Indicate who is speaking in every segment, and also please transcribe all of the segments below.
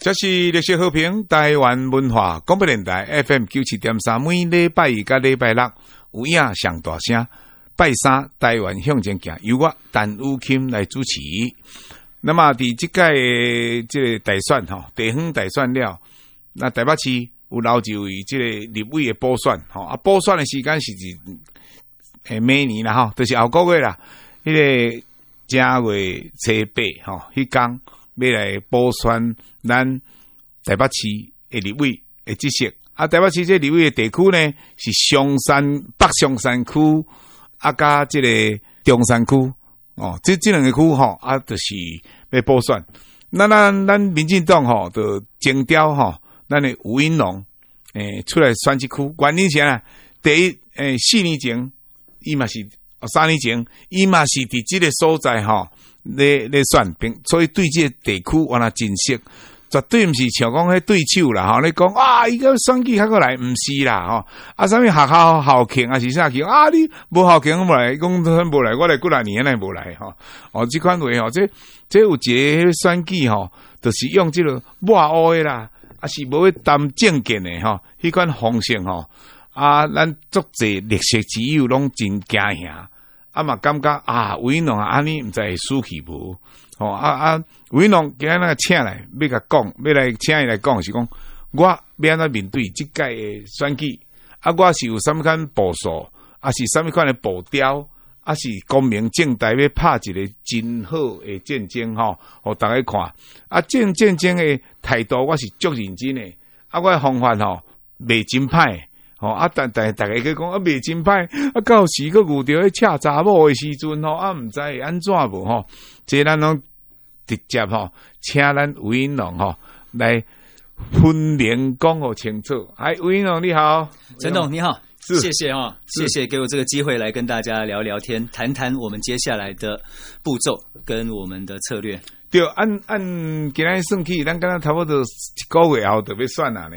Speaker 1: 這是歷史和平台灣文化廣播電台 FM 九七點三，每禮拜一到禮拜六有影上大聲拜三，台灣向前行。由我陳雨鑫來主持。那麼第即屆即大選吼，地方大選了，那台北市有老一位即立委的補選吼，啊補選的時間是是誒明年啦吼，都、就是後、那個月啦。迄、那個正月初八吼迄工。要來補選咱台北市誒立委誒這些啊，台北市這立委誒地區呢是松山北松山區啊，甲即個中山區哦，即即兩個區吼、哦、啊都、就是要補選咱咱咱民進黨吼，都徵調吼咱誒吳怡農誒、欸、出來選即區原因啥啊，第一誒、欸、四年前伊嘛是、哦、三年前伊嘛是佇即個所在吼。哦咧咧選並，所以對即個地區，我若真熟，絕對毋是像講迄對手啦吼咧講啊，一個選舉開過來，毋是啦吼、哦、啊，啥物學校學校慶啊，是啥去啊？你無校慶無來，公推無來，我來幾若年也無來吼哦，即款話吼這這，這有一個選舉吼都是用即種抹黑誒啦、哦哦，啊，是無會談政見誒吼迄款方式吼啊，咱足者歷史只有攏真驚贏。咁啊，感覺啊，怡農啊，安尼毋知會輸啟無？哦，阿阿怡農今仔日請來要甲講，要來請伊來講，就是講我要安阿面對即屆誒選舉，啊，我是有啥物款部署，啊，是啥物款誒步調，啊，是公平正大要拍一個真好誒戰爭，吼、哦，互逐個看，啊，戰爭戰爭誒態度，我是足認真誒啊，我誒方法吼袂、哦、真歹。吼、哦、啊！逐逐逐個計講啊，未真歹啊。到時去胡釣去車查某誒時陣吼啊，毋知會安怎無吼。既咱攏直接吼、哦，請咱吳
Speaker 2: 怡農吼來分連講互清楚。哎，吳怡農你好，陳董你好，你好謝謝哈、哦，謝謝給我這個機會來跟大家聊聊天，談談我們接下來的步驟跟我們的策略。
Speaker 1: 對，按、嗯、按，今、嗯、天算起，咱剛剛差不多一個月後特別算哪呢？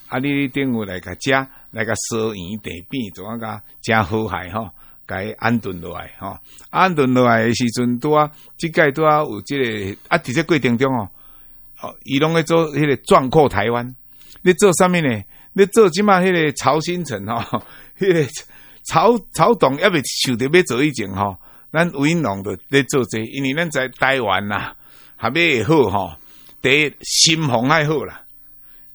Speaker 1: 啊！你訂回來甲家，來甲茶園地邊，做、喔、安個家好海甲伊安頓落來吼、喔，安頓落來時陣多，即拄多有即、這個啊！佇這過程中吼，哦、喔，伊攏咧做迄個壯闊台灣。咧，做啥物呢？咧做即馬迄個曹新城吼，迄、喔那個曹曹董要未想著要做以前吼、喔，咱怡農着咧做這個，因為咱在台灣啦、啊，還不誒好吼、喔，第一，心防還好啦。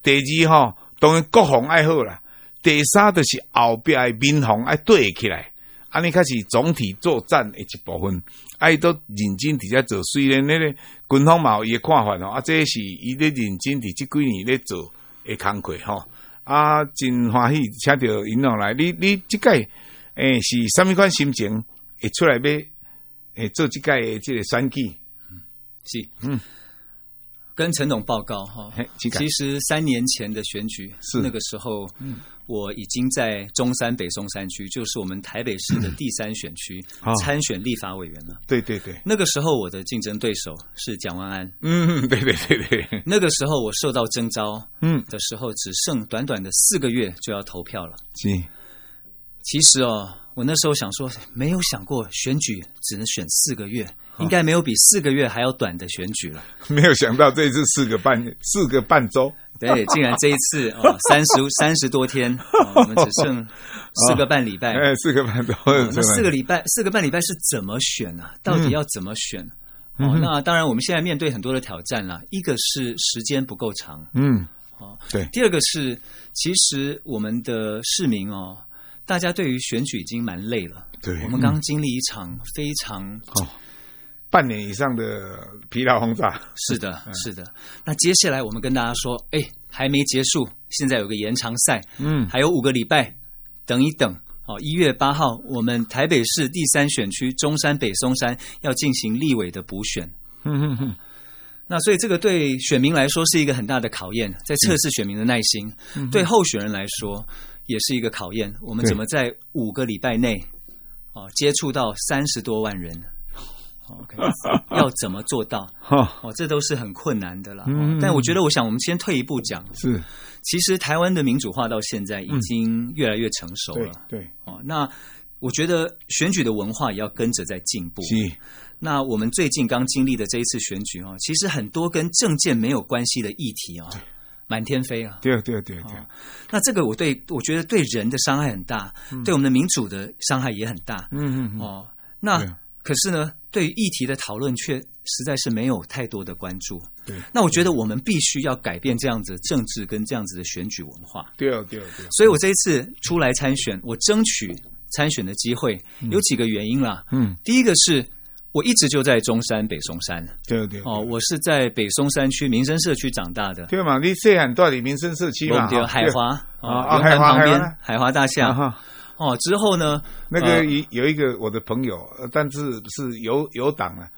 Speaker 1: 第二，吼、喔。當然，國防愛好啦。第三著是後壁誒民防愛對起來，安、啊、尼才是總體作戰誒一部分，愛、啊、都認真佇遮做。雖然迄個軍方嘛有伊誒看法咯，啊，即個是伊咧認真佇即幾年咧做作，誒工作吼，啊，真歡喜，請着因落來，你你即屆誒是啥物款心情？會出來要誒，會做即屆誒即個選舉、嗯，
Speaker 2: 是嗯。跟陳總報告哈，其實三年前的選舉，是那個時候、嗯、我已經在中山北松山區，就是我們台北市的第三選區、嗯、參選立法委員了、哦。對對對，那個時候我的競爭對手是蔣萬安。嗯，對對對對，那個時候我受到徵召，嗯的時候、嗯、只剩短短的四個月就要投票
Speaker 1: 了。
Speaker 2: 其實哦，我那時候想說，沒有想過選舉只能選四個月。應該沒有比四個月還要短的選舉了。
Speaker 1: 沒有想到這一次四個半 四個半周，對，竟然這一次
Speaker 2: 哦，三十 三十多天、 哦，我們只剩四個半禮拜，哎、哦，四個半
Speaker 3: 周,四個半周、哦。那四個禮
Speaker 2: 拜，四個半禮拜是怎麼選呢、啊？到底要怎麼選？嗯哦、那當然，我們現在面對很多的挑戰啦。一個是時間不夠長，嗯，
Speaker 3: 好、哦，對。
Speaker 2: 第二個是，其實我們的市民哦，大家對於選舉已經蠻累了。對，我們剛經歷一場非常。嗯哦半年以上的疲勞轟炸，是的，是的。那接下來我們跟大家說，哎，還沒結束，現在有個延長賽，
Speaker 3: 嗯，還
Speaker 2: 有五個禮拜，等一等。哦，一月八號，我們台北市第三選區中山北松山要進行立委的補選。嗯嗯嗯。那所以這個對選民來說是一個很大的考驗，在測試選民的耐心；嗯、對候選人來說也是一個考驗。我們怎麼在五個禮拜內，哦，接觸到三十多萬人？OK，要怎麼做到？ 哦，這都是很困難的啦。嗯哦、但我覺得，我想我們先退一步講。是，其實台灣的民主化到現在已經越來越成熟了。嗯、對、對，哦，那我覺得選舉的文化也要跟着在進步。那我們最近剛經歷的這一次選舉，哦、其實很多跟政見沒有關係的議題啊、哦，滿天飛啊。對，對，對，對、哦。那這個我對，我覺得對人的傷害很大，嗯、對我們的民主的傷害也很大。嗯、哦、嗯嗯、嗯。哦，那。可是呢，對議題的討論卻實在是沒有太多的關注。對對。對，那我覺得我們必須要改變這樣子政治跟這樣子的選舉文化。
Speaker 1: 對啊，對啊，對。所
Speaker 2: 以我這一次出來參選，我爭取參選的機會，嗯，有幾個原因啦。嗯，第一個是我一直就在中山北松山。對對哦，我是在北松山區民生社區長大的。對嗎，你這樣到底民生社區嘛？對、對、對、哦、啊，海華啊，海華旁邊，海華大廈。哦，之後呢？
Speaker 1: 那個有有一個我的朋友，呃、但是是有有黨啊，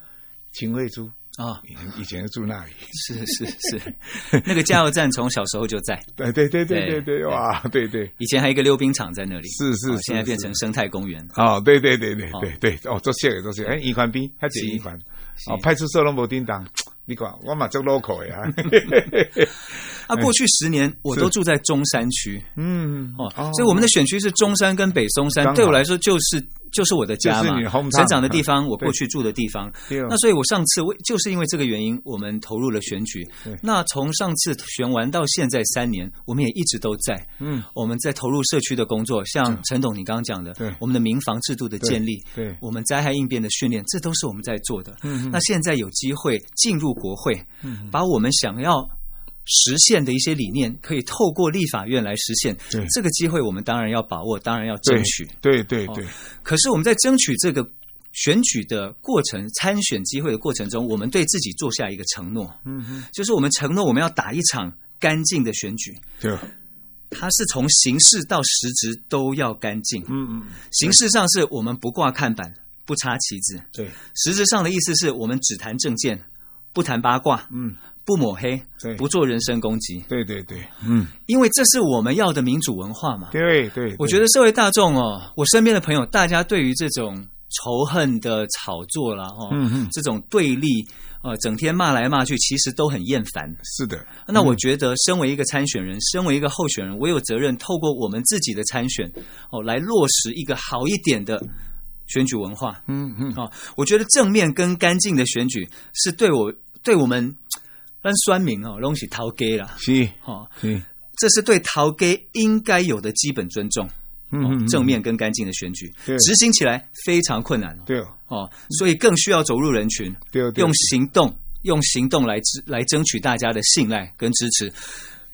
Speaker 1: 秦慧珠
Speaker 2: 啊，以前，住、嗯、 以前住那裡。 是是是，是，那個加油站從小時候就在。
Speaker 1: 對對對對對，對，對，對哇，
Speaker 2: 對對，對，對，對，對。以前還有一個溜冰場在那裡。是是，現在變成生態公園。
Speaker 1: 哦，對對對對對對，哦，多謝也多謝。哎，尹寬斌，還是尹寬。哦，派出所的某
Speaker 2: 丁當，你講我嘛做 local 呀。 呵呵呵啊，過去十年我都住在中山區，哎，嗯，哦，所以我們的選區是中山跟北松山，對我來說就是就是我的家嘛，就是你 home town, 成長的地方，我過去住的地方。嗯、那所以，我上次為就是因為這個原因，我們投入了選舉。那從上次選完到現在三年，我們也一直都在，嗯，我們在投入社區的工作，像陳董你剛剛講的，對我們的民防制度的建立對，對，我們災害應變的訓練，這都是我們在做的。嗯哼，那現在有機會進入國會，嗯哼，把我們想要。實現的一些理念，可以透過立法院來實現。對這個機會，我們當然要把握，當然要爭取。對對對，對。哦，可是我們在爭取這個選舉的過程、參選機會的過程中，我們對自己做下一個承諾。嗯
Speaker 3: 哼，
Speaker 2: 就是我們承諾，我們要打一場乾淨的選舉。對。它是從形式到實質都要乾淨。嗯嗯。形式上是我們不掛看板，不插旗子。對。實質上的意思是我們只談政見。不談八卦，嗯，不抹黑，對，不做人身攻擊，對對對，對，嗯，因為這是我們要的民主文化嘛，對對，對。我覺得社會大眾哦，我身邊的朋友，大家對於這種仇恨的炒作啦哈、哦，嗯哼，這種對立，呃，整天罵來罵去，其實都很厭煩。是的，那我覺得，身為一個參選人、嗯，身為一個候選人，我有責任透過我們自己的參選，哦，來落實一個好一點的，選舉文化，嗯
Speaker 3: 嗯，
Speaker 2: 好、哦，我覺得正面跟乾淨的選舉是對我，對我們讓選民哦，東西頭家啦，是，好、哦，嗯，這是對頭家應該有的基本尊重，
Speaker 3: 嗯、哦，正面
Speaker 2: 跟乾淨的選舉、嗯嗯、執行起來非常困難，對，哦，所以更需要走入人群，對，對，用行動用行動來支來爭取大家的信賴跟支持。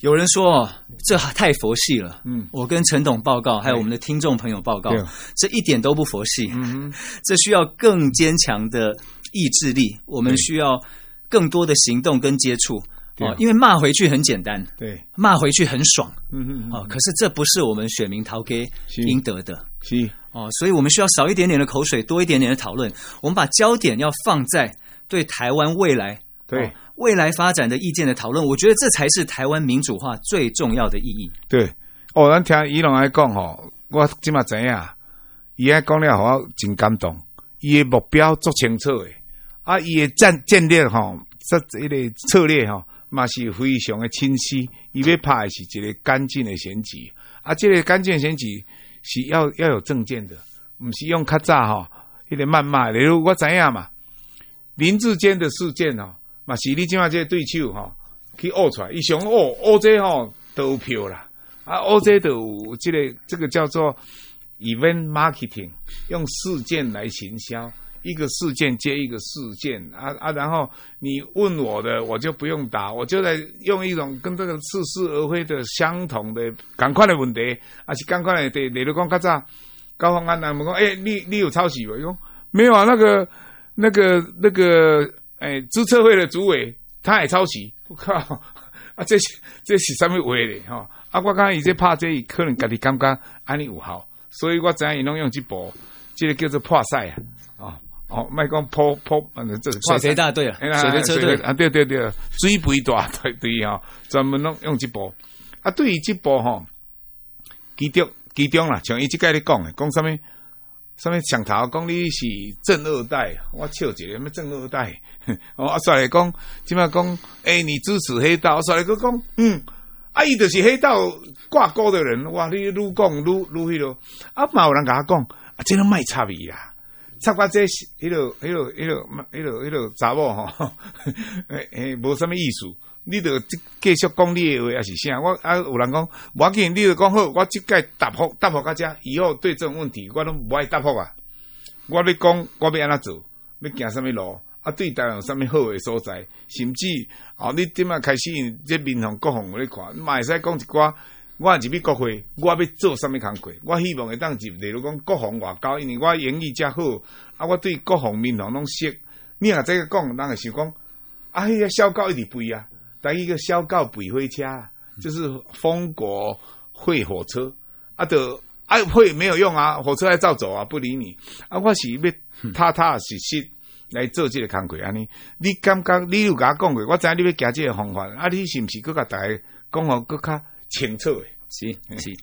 Speaker 2: 有人說，這太佛系了。嗯，我跟陳董報告，還有我們的聽眾朋友報告，這一點都不佛系。嗯哼，這需要更堅強的意志力，我們需要更多的行動跟接觸。因為罵回去很簡單，對，罵回去很爽。嗯哼、嗯，啊、嗯嗯，可是這不是我們選民投給應得的。哦，所以我們需要少一點點的口水，多一點點的討論。我們把焦點要放在對台灣未來。對、哦，未來發展的意見的討論，我覺得這才是台灣民主化最重要的意義。
Speaker 1: 對，哦，咱聽伊攏來講吼，我即嘛知影，伊攏講了我真感動，伊個目標足清楚誒，啊，伊個戰戰略吼、哦，這這個策略吼嘛、哦、是非常誒清晰，伊要拍的是一個乾淨的選舉，啊，這個乾淨的選舉是要要有政見的，唔是用卡詐吼，迄、哦那個謾罵，例如我知影嘛，林智堅的事件哦。嘛是你正話這個對手哈、哦，去惡出來，一想惡惡這哈都有票了啊，惡這都這個這個叫做 event marketing，用事件來行銷，一個事件接一個事件啊啊，然後你問我的我就不用答，我就來用一種跟這個似是而非的相同的趕快的問題，而且趕快來對，例如講剛才高峰安那我們講，哎，你你有抄襲沒有？沒有啊，那個那個那個。那個誒，註冊會的主委，他也抄襲，我靠！啊，這是這是啥物話咧？吼、哦，啊，我感覺伊即拍即，伊可能家己感覺安尼有效，所以我知影伊攏用即部，這個叫做破賽啊！啊，哦，賣講破破，嗯、啊，這是水肥大隊啊，水，水啊，對對對，水肥大隊對哈，專門攏用即部。啊，對於即部吼，其中其中啦，像伊即擺咧講誒，講啥物。上面強討講，你是正二代，我笑一個什麼正二代？啊煞會講，即擺講，哎、欸，你支持黑道？煞會擱講，嗯，啊伊著是黑道掛鈎的人。哇，你愈講愈迄囉啊嘛，有人甲我講？啊，即、啊那個賣插伊呀，插瓜這些，迄囉迄囉迄囉迄囉迄囉查某吼，誒、那、哎、個那個那個那個欸，無啥物意思。你著繼續講你個話，還是啥？我啊，有人講，我見你著講好，我即屆答復答復較遮以後對這種問題，我攏無愛答復啊。我咪講，我要安怎做，要行什麼路？啊，對台灣有什麼好個所在？甚至啊、哦，你今嘛開始在面向各方互你看，嘛會使講一寡。我入去國會，我要做什麼工作？我希望會當入例如講，各方外交，因為我英語較好，啊，我對各方面攏熟。你若這個講，人個想講？迄、啊那個小狗一直吠啊。帶一個小告筆回家，就是封國會火車、嗯、啊的，啊，會沒有用啊，火車還照走，走啊，不理你啊。我是要踏踏實實來做這個工作安尼、嗯，你剛剛你又跟我講過，我知道你要講這個方法啊，你是不是更跟大家講好更加清
Speaker 2: 楚的？是是，是，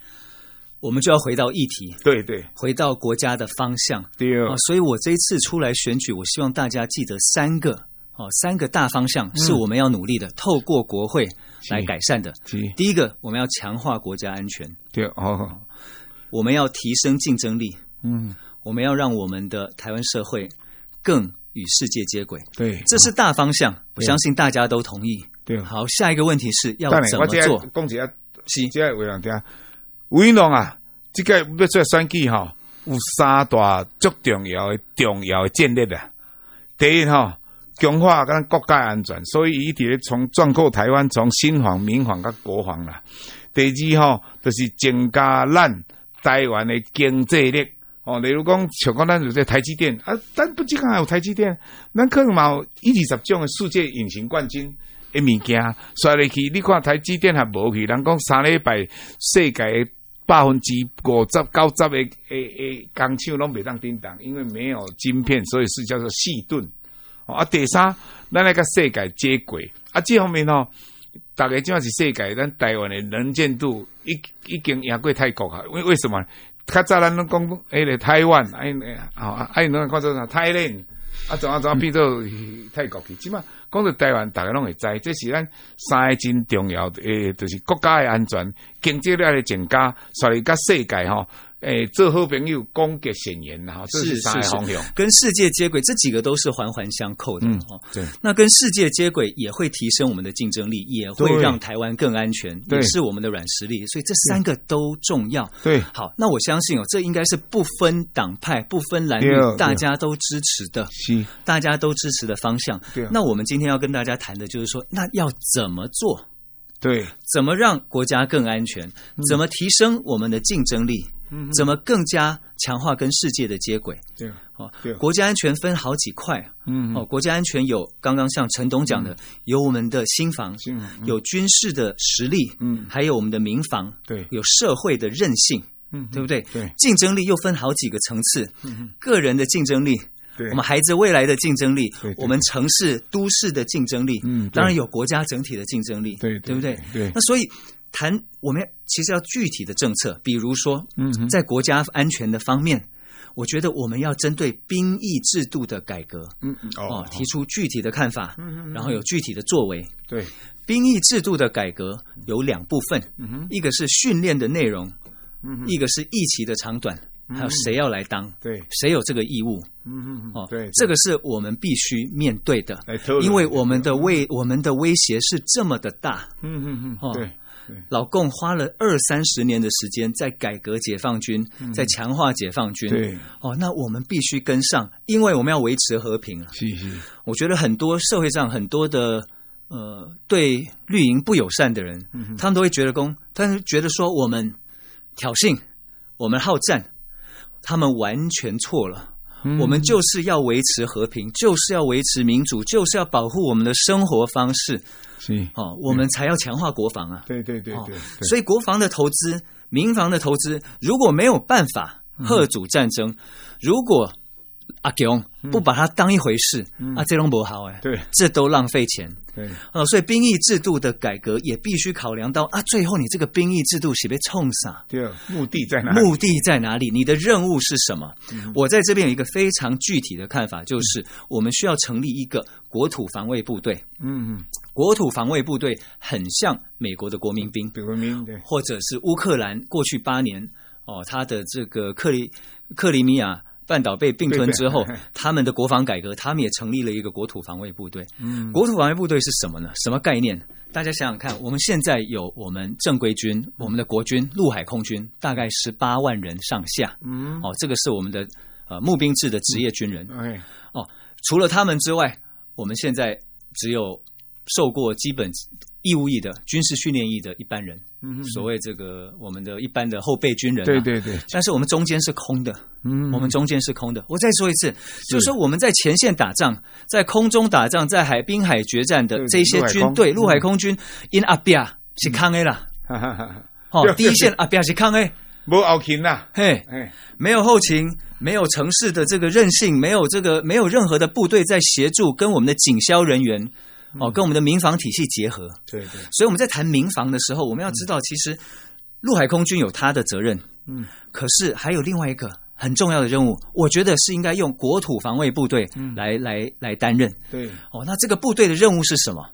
Speaker 2: 我們就要回到議題，對對，回到國家的方向。對啊，所以我這一次出來選舉，我希望大家記得三個。哦，三個大方向是我們要努力的，嗯、透過國會來改善的。第一個，我們要強化國家安全。對哦，我們要提升競爭力。嗯，我們要讓我們的台灣社會更與世界接軌。對，這是大方向，我相信大家都同意對。對，好，下一個問題是要怎麼做？公子啊，是只係會兩點。怡農啊，這次要出來參選哈，有三大
Speaker 1: 足重要的、的重要建立的戰略。第一哈。哦強化咱國家安全，所以一直從壯闊台灣，從新防、民防、甲國防啦。第二吼就是增加咱台灣的經濟力。吼，例如講，像講咱有這台積電啊，咱不止講還有台積電，咱可能嘛有一二十種的世界隱形冠軍的物件。所以去你看台積電還無去，人講三禮拜世界百分之五十九十的誒誒，工廠攏袂當叮當，因為沒有晶片，所以是叫做細頓。啊，第三，咱要甲世界接軌，啊，即方面吼逐個即嘛是世界，咱台灣誒能見度已已經贏過泰國啊，為為什麼呢？較早咱攏講，個、哎、台灣，哎，哎，哎，啊，還有那個叫做啥，泰寧，啊，怎啊怎啊，變做泰國去，即嘛。講到台灣，大家都會知，這是咱三個真重要的，誒，就是國家的安全、經濟的增加，以加世界哈，誒，做好朋友，攻擊宣言，
Speaker 3: 哈，這是三是是是
Speaker 2: 跟世界接軌，這幾個都是環環相扣的，
Speaker 3: 哈、嗯，對。
Speaker 2: 那跟世界接軌也會提升我們的競爭力，也會讓台灣更安全，對，也是我們的軟實力，所以這三個都重要，對。好，那我相信哦，這應該是不分黨派、不分藍綠，大家都支持的，是，大家都支持的方向。對，那我們今天今天要跟大家談的就是說，那要怎麼做？對，怎麼讓國家更安全？怎麼提升我們的競爭力？怎麼更加強化跟世界的接軌？對，對哦，國家安全分好幾塊。
Speaker 3: 嗯，哦，
Speaker 2: 國家安全有剛剛像陳董講的，嗯、有我們的新房，防、嗯，有軍事的實力，嗯，還有我們的民防，對，有社會的韌性，嗯，對不對？對，競爭力又分好幾個層次，個人的競爭力。對我們孩子未來的競爭力，對對對，我們城市都市的競爭力，嗯，當然有國家整體的競爭力，對對、對，對不對？對。那所以談我們其實要具體的政策，比如說，嗯，在國家安全的方面，我覺得我們要針對兵役制度的改革，嗯嗯哦、哦，提出具體的看法，嗯嗯，然後有具體的作為。對，兵役制度的改革有兩部分，嗯、一個是訓練的內容，嗯，一個是役期的長短。還有誰要來當？對，誰有這個義務？嗯嗯嗯。哦，對，這個是我們必須面對的，因為我們的威、嗯，我們的威脅是這麼的大。嗯嗯
Speaker 3: 嗯。哦對，對，
Speaker 2: 老共花了二三十年的時間在改革解放軍、嗯，在強化解放軍。對。哦，那我們必須跟上，因為我們要維持和平啊。是是。我覺得很多社會上很多的呃，對綠營不友善的人、嗯，他們都會覺得公，他們覺得說我們挑釁，我們好戰。他們完全錯了，我們就是要維持和平，嗯、就是要維持民主，就是要保護我們的生活方式，是哦，我們才要強化國防啊！嗯、對對對對、哦，所以國防的投資、民防的投資，如果沒有辦法嚇阻戰爭，嗯、如果。阿、啊、雄不把它當一回事，阿 Ze 博豪哎，對，這都浪費錢。對、啊，所以兵役制度的改革也必須考量到啊，最後你這個兵役制度是被衝啥？對，目的在哪？目的在哪裡？你的任務是什麼、嗯？我在這邊有一個非常具體的看法，就是我們需要成立一個國土防衛部隊。嗯嗯，國土防衛部隊很像美國的國民兵，國民兵，或者是烏克蘭過去八年哦，他的這個克里克里米亞。半島被併吞之後對對，他們的國防改革嘿嘿，他們也成立了一個國土防衛部隊。嗯，國土防衛部隊是什麼呢？什麼概念？大家想想看，我們現在有我們正規軍，我們的國軍、陸海空軍，大概十八萬人上下。嗯，哦，這個是我們的呃募兵制的職業軍人。哎、嗯，哦，除了他們之外，我們現在只有。受過基本義務役的軍事訓練役的一般人，所謂這個我們的一般的後備軍人，對對對。但是我們中間是空的，嗯，我們中間是空的。我再說一次，就是說我們在前線打仗，在空中打仗，在海濱海決戰的這些軍隊，陸海空軍因阿比亞是空的了，好，第一線阿比亞是空的，沒有後勤吶，嘿，沒有後勤，沒有城市的這個韌性，沒有這個沒有任何的部隊在協助跟我們的警消人員。哦、嗯，跟我們的民防體系結合。對對。所以我們在談民防的時候，我們要知道，其實陸海空軍有他的責任。嗯。可是還有另外一個很重要的任務，我覺得是應該用國土防衛部隊來、嗯、來來擔任。對。哦，那這個部隊的任務是什麼？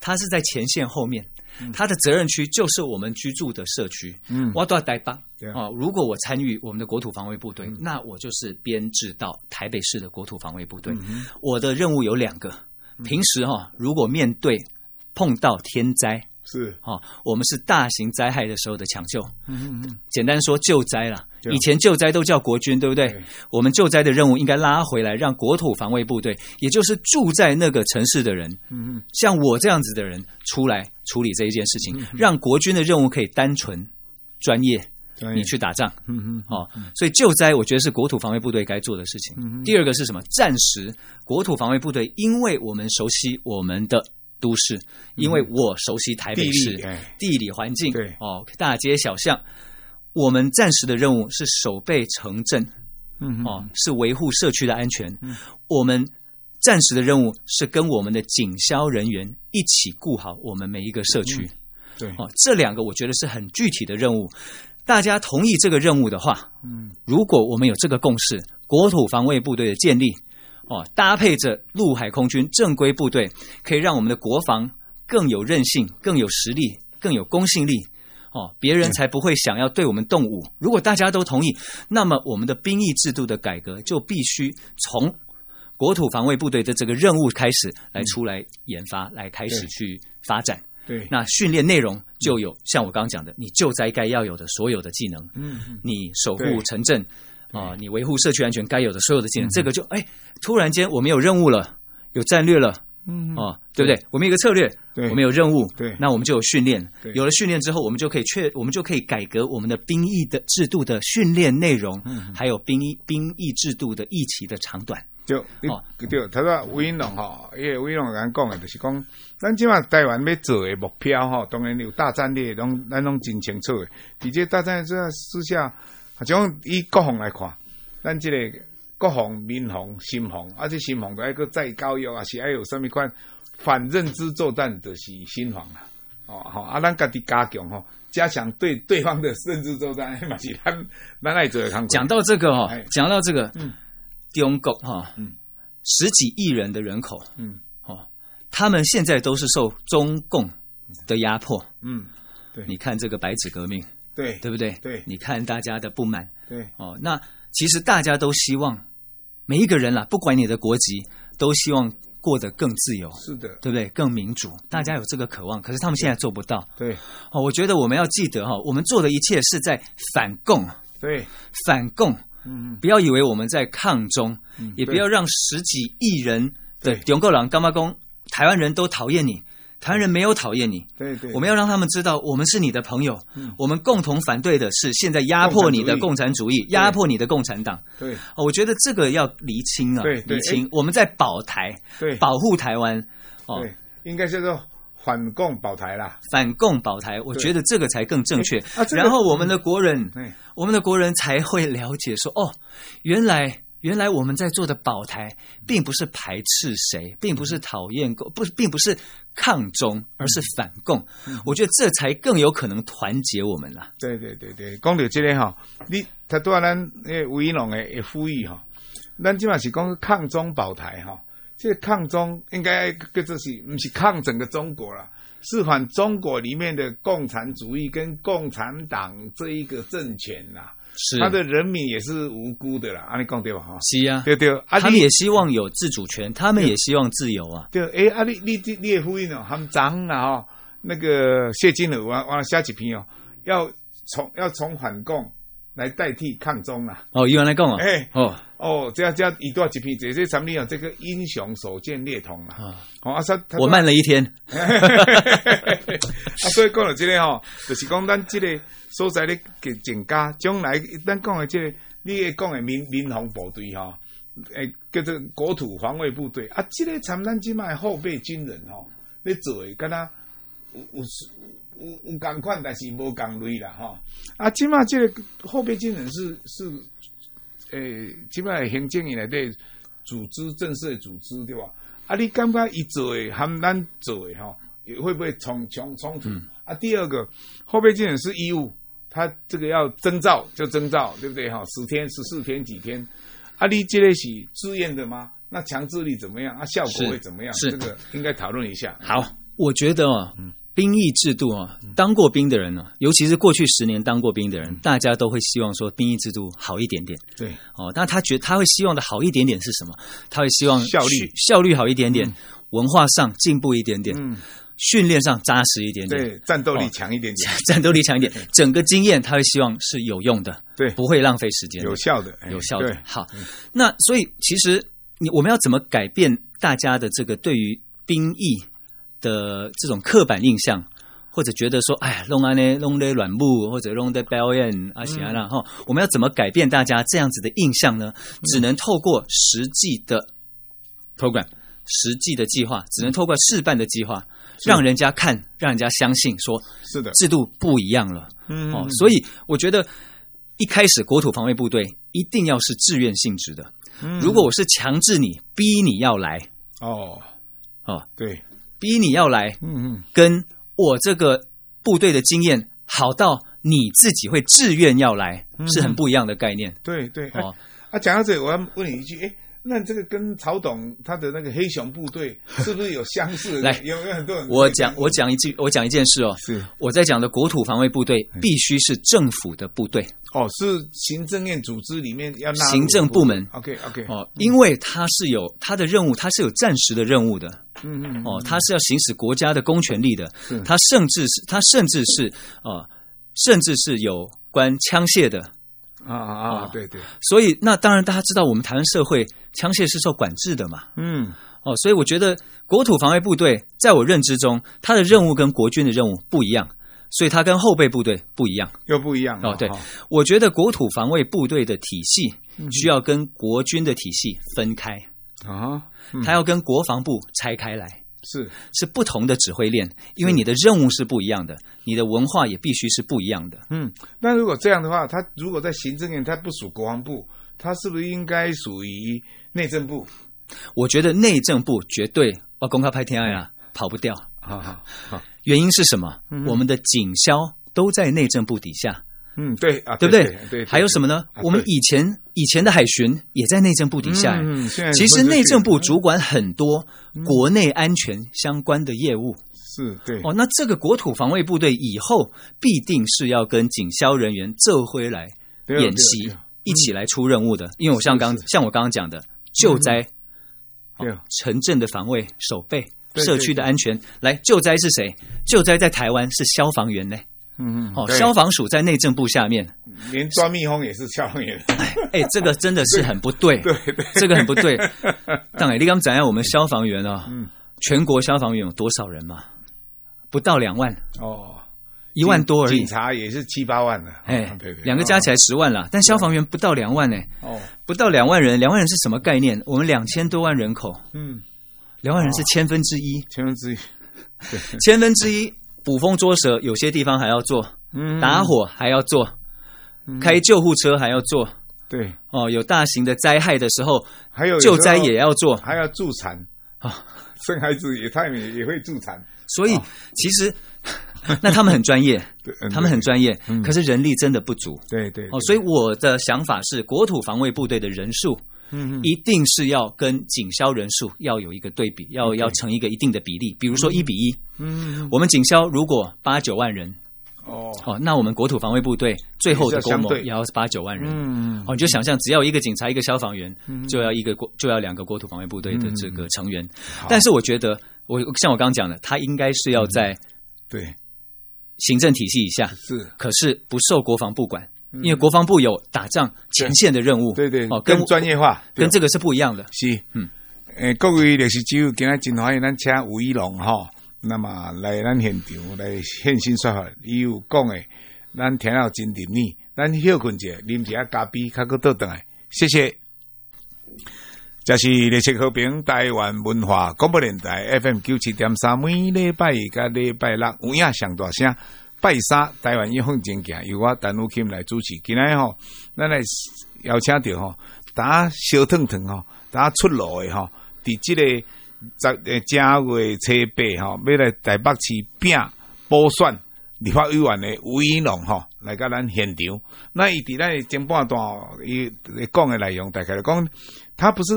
Speaker 2: 他是在前線後面，嗯、他的責任區就是我們居住的社區。嗯。我在台北。哦，如果我參與我們的國土防衛部隊、嗯，那我就是編制到台北市的國土防衛部隊、嗯。我的任務有兩個。平時哈、哦，如果面對碰到天災
Speaker 3: 是
Speaker 2: 哈、哦，我們是大型災害的時候的搶救。嗯，嗯，簡單說救災了，以前救災都叫國軍，對不對？對，我們救災的任務應該拉回來，讓國土防衛部隊，也就是住在那個城市的人，嗯、像我這樣子的人出來處理這一件事情、嗯，讓國軍的任務可以單純專業。你去打仗，嗯好、哦，所以救災我覺得是國土防衛部隊該做的事情。嗯、第二個是什麼？戰時國土防衛部隊，因為我們熟悉我們的都市，嗯、因為我熟悉台北市地理、哎、地理環境，對哦，大街小巷，我們戰時的任務是守備城鎮，嗯哼哦，是維護社區的安全、嗯。我們戰時的任務是跟我們的警消人員一起顧好我們每一個社區，嗯、對哦，這兩個我覺得是很具體的任務。大家同意這個任務的話，嗯，如果我們有這個共識，國土防衛部隊的建立，哦，搭配着陸海空軍正規部隊，可以讓我們的國防更有韌性、更有實力、更有公信力，哦，別人才不會想要對我們動武。如果大家都同意，那麼我們的兵役制度的改革就必須從國土防衛部隊的這個任務開始，來出來研發，嗯，來開始去發展。對，那訓練內容就有像我剛剛講的，你救災該要有的所有的技能，嗯，你守護城鎮，啊、呃，你維護社區安全該有的所有的技能，嗯、這個就哎，突然間我們有任務了，有戰略了，嗯啊、哦，對不對？嗯、我們有個策略，對，我們有任務，對，那我們就有訓練。對，有了訓練之後，我們就可以確，我們就可以改革我們的兵役的制度的訓練內容，嗯、還有兵役兵役制度的役期的長短。就，
Speaker 1: 對，他說，吳怡農吼，因為吳怡農剛剛講的就是講，咱今晚台灣要做的目標吼，當然有大戰略，攏咱攏真清楚的。而且大戰略之下，講以國防來看，咱這裡國防、民防、心防，而且心防還有一再高要啊，還還是要有什麼款反認知作戰，就是心防
Speaker 3: 了。哦，
Speaker 1: 好，啊，咱家己加強吼，加強對對方的認知作戰，蠻蠻
Speaker 2: 蠻愛做的工作。講到這個哈、哦，講到這個，嗯。中國哈，十幾億人的人口，
Speaker 3: 嗯、
Speaker 2: 哦，他們現在都是受中共的壓迫。嗯，對，你看這個白紙革命，對，對不對？對，你看大家的不滿，對，哦，那其實大家都希望每一個人啦，不管你的國籍，都希望過得更自由。是的，對不對？更民主，大家有這個渴望，可是他們現在做不到。
Speaker 3: 對，
Speaker 2: 哦，我覺得我們要記得哈，我們做的一切是在反共。對，反共。嗯，不要以為我們在抗中，
Speaker 3: 嗯、也不要
Speaker 2: 讓十幾億人對永介朗，幹媽公，台灣人都討厭你，台灣人沒有討厭你，對，
Speaker 3: 對對，我們要
Speaker 2: 讓他們知道，我們是你的朋友，嗯，我們共同反對的是現在壓迫你的共產主義，壓迫你的共產黨。對、哦，我覺得這個要釐清啊，對，釐清、欸，我們在保台，對，保護台灣。哦，對
Speaker 1: 應該叫做。反共保台啦
Speaker 2: 反共保台，我覺得這個才更正確。啊這個、然後我們的國人、嗯嗯嗯，我們的國人才會了解說：哦，原來原來我們在做的保台，並不是排斥誰，並不是討厭共，不，並不是抗中，而是反共。嗯、我覺得這才更有可能團結我們啦、
Speaker 1: 啊。對對對對，
Speaker 2: 公劉這天哈、哦，你他當然誒，吳怡農也呼籲哈，
Speaker 1: 咱今晚是講抗中保台哈、哦。這抗中應該是，不是抗整個中國了，是反中國裡面的共產主義跟共產黨這一個政權啦。是，他的人民也是無辜的啦阿、啊、對吧？哈、
Speaker 2: 是啊，對對，他們也希望有自主權，他們也希望自由啊。
Speaker 1: 阿哈、啊哦啊哦，那個下幾、哦、要重要重反共，來代替抗中啊！
Speaker 2: 哦，原來這樣啊！哦
Speaker 1: 哦，這樣這樣，有多少幾篇？這些上面有一一個這個英雄所見略同啊！
Speaker 2: 哦，阿、哦、叔、啊，我慢了一天。嘿
Speaker 1: 嘿嘿嘿嘿嘿 啊，所以講了這裡、個、哦，就是講咱這裡所在的增加，將來咱旦講的這裡、個，你講的民民防部隊哈，哎、哦，叫做國土防衛部隊啊，這裡承擔起賣後備軍人哈，你、哦、做噶啦。有是，有有同款，但是無講累啦，哈。啊，起碼這個後備軍人是是，誒、欸，起碼行政以內對組織，正式的組織對吧？啊，你感覺一做的和咱做哈，也會不會衝衝衝突？啊，第二個後備軍人是義務，他這個要徵召就徵召，對不對哈？十天、十四天、幾天？啊，你這個是自願的嗎？那強制力怎麼樣？啊，效果會怎麼樣？是是這個應該討論一
Speaker 2: 下。好，我覺得哦。嗯兵役制度啊，當過兵的人呢、啊，尤其是過去十年當過兵的人、嗯，大家都會希望說兵役制度好一點點。對，哦，但他覺得他會希望的好一點點是什麼？他會希望效率效率好一點點、嗯，文化上進步一點點、嗯，訓練上扎實一點點，對，戰鬥力強一點點，哦、戰鬥力強一點，整個經驗他會希望是有用的，對，不會浪費時間，有效的，有效的。哎、有效的，對，好、嗯，那所以其實你我們要怎麼改變大家的這個對於兵役？的這種刻板印象，或者覺得說，哎呀，弄安的，弄的軟木，或者弄的表演啊，啥啦哈，我們要怎麼改變大家這樣子的印象呢？嗯、只能透過實際的 program，實際的計劃，只能透過示範的計劃、嗯，讓人家看，讓人家相信說，說是的制度不一樣了。嗯，哦，所以我覺得一開始國土防衛部隊一定要是志願性質的、嗯。如果我是強制你，逼你要來，哦，哦，對。逼你要來，
Speaker 3: 嗯
Speaker 2: 嗯，跟我這個部隊的經驗好到你自己會自願要來，是很不一樣的概念。嗯、
Speaker 1: 對對、哦，啊，講到這裡，我要問你一句，哎。那這個跟曹董他的那個黑熊部隊是不是有相似？ 來，有有很多人。我
Speaker 2: 講我講一句，我講一,一件事哦。是我在講的國土防衛部隊必須是政府的部隊。哦，是
Speaker 1: 行政院組織裡面要拿行政部門。
Speaker 2: OK OK 哦，因為它是有它的任務，它是有戰時的任務的。
Speaker 3: 嗯嗯、嗯哦，它
Speaker 2: 是要行使國家的公權力的。它甚、甚至是它甚至是哦，甚至是有關槍械的。
Speaker 3: 啊啊啊！對對，
Speaker 2: 所以那當然，大家知道我們台灣社會槍械是受管制的嘛。
Speaker 3: 嗯，
Speaker 2: 哦，所以我覺得國土防衛部隊在我認知中，他的任務跟國軍的任務不一樣，所以他跟後備部隊不一樣，又不一樣。哦，對哦，我覺得國土防衛部隊的體系需要跟國軍的體系分開啊，他、嗯、要跟國防部拆開來。是是不同的指揮鏈，因為你的任務是不一樣的、嗯，你的文化也必須是不一樣的。
Speaker 1: 嗯，那如果這樣的話，他如果在行政院，他不屬國防部，他是不是應該屬於內政部？
Speaker 2: 我覺得內政部絕對哦公開拍天啊、嗯，跑不掉好好好。原因是什麼嗯嗯？我們的警消都在內政部底下。
Speaker 3: 嗯，對啊，對，對不對，對，對，對？對，還
Speaker 2: 有什麼呢？啊、我們以前以前的海巡也在內政部底下、欸。嗯，其實內政部主管很多國內安全相關的業務。嗯、是對哦，那這個國土防衛部隊以後必定是要跟警消人員這回來演習一起來出任務的，嗯、因為我像剛像我剛剛講的救災、嗯哦，城鎮的防衛守備、社區的安全，來救災是誰？救災在台灣是消防員呢。嗯，哦，消防署在內政部下面，
Speaker 1: 連抓蜜蜂也是消防員 哎。
Speaker 2: 哎，這個真的是很不對， 對，對，對，這個很不對。但哎，你剛剛講一下我們消防員啊、哦，嗯，全國消防員有多少人嘛？不到兩萬哦，一萬多而已。警察
Speaker 1: 也是七八萬的、啊，哎、哦，
Speaker 2: 對對，兩個加起來十萬了、哦，但消防員不到兩萬呢、欸，哦，不到兩萬人，兩萬人是什麼概念？我們兩千多萬人口，嗯，兩萬人是千分之一，千分之一，千分之一。 捕蜂捉蛇，有些地方還要做，
Speaker 3: 嗯、打火還要做、嗯，開
Speaker 2: 救護車還要做。嗯、對哦，有大型的災害的時候，
Speaker 1: 還有救災也
Speaker 2: 要做，還要助產啊、
Speaker 1: 哦，生孩子也他們也，也會助產。
Speaker 2: 所以、哦、其實那他們很專業， 對他們很專業、嗯，可是人力真的不足。對對，對哦，所以我的想法是，國土防衛部隊的人數。嗯，一定是要跟警消人數要有一個對比，嗯、要要成一個一定的比例，嗯、比如說一比一。嗯，我們警消如果八九萬人，哦哦，那我們國土防衛部隊最後的規模也要是八九萬人。嗯，哦，你就想象，只要一個警察、一個消防員，嗯、就要一個國，就要兩個國土防衛部隊的這個成員、嗯。但是我覺得，我像我剛剛講的，他應該是要在對行政體系以下，是、嗯、可是不受國防部管。因為國防部有打仗前線的任務，對對，哦，更專業化，跟這個是不一樣的。是，嗯，誒，各位歷史之友，今日真歡迎咱請吳怡農吼、
Speaker 1: 哦，那麼來咱現場來現身說法，伊有講誒，咱聽到真甜呢。咱休困一下，啉一下咖啡，較閣倒倒來，謝謝。就是歷史和平台灣文化廣播電台 FM 九七點三，每禮拜一佮禮拜六有影上大聲。拜三台灣一峰證件由我陳雨鑫來主持，今日吼、哦，咱來邀請到吼，小痛痛吼，大出路的吼，佇即、這個在正月初八吼，要來台北市拼補選立法委員的吳怡農吼，來甲咱現場。那一段來前半段講的內容，大概來講，他不是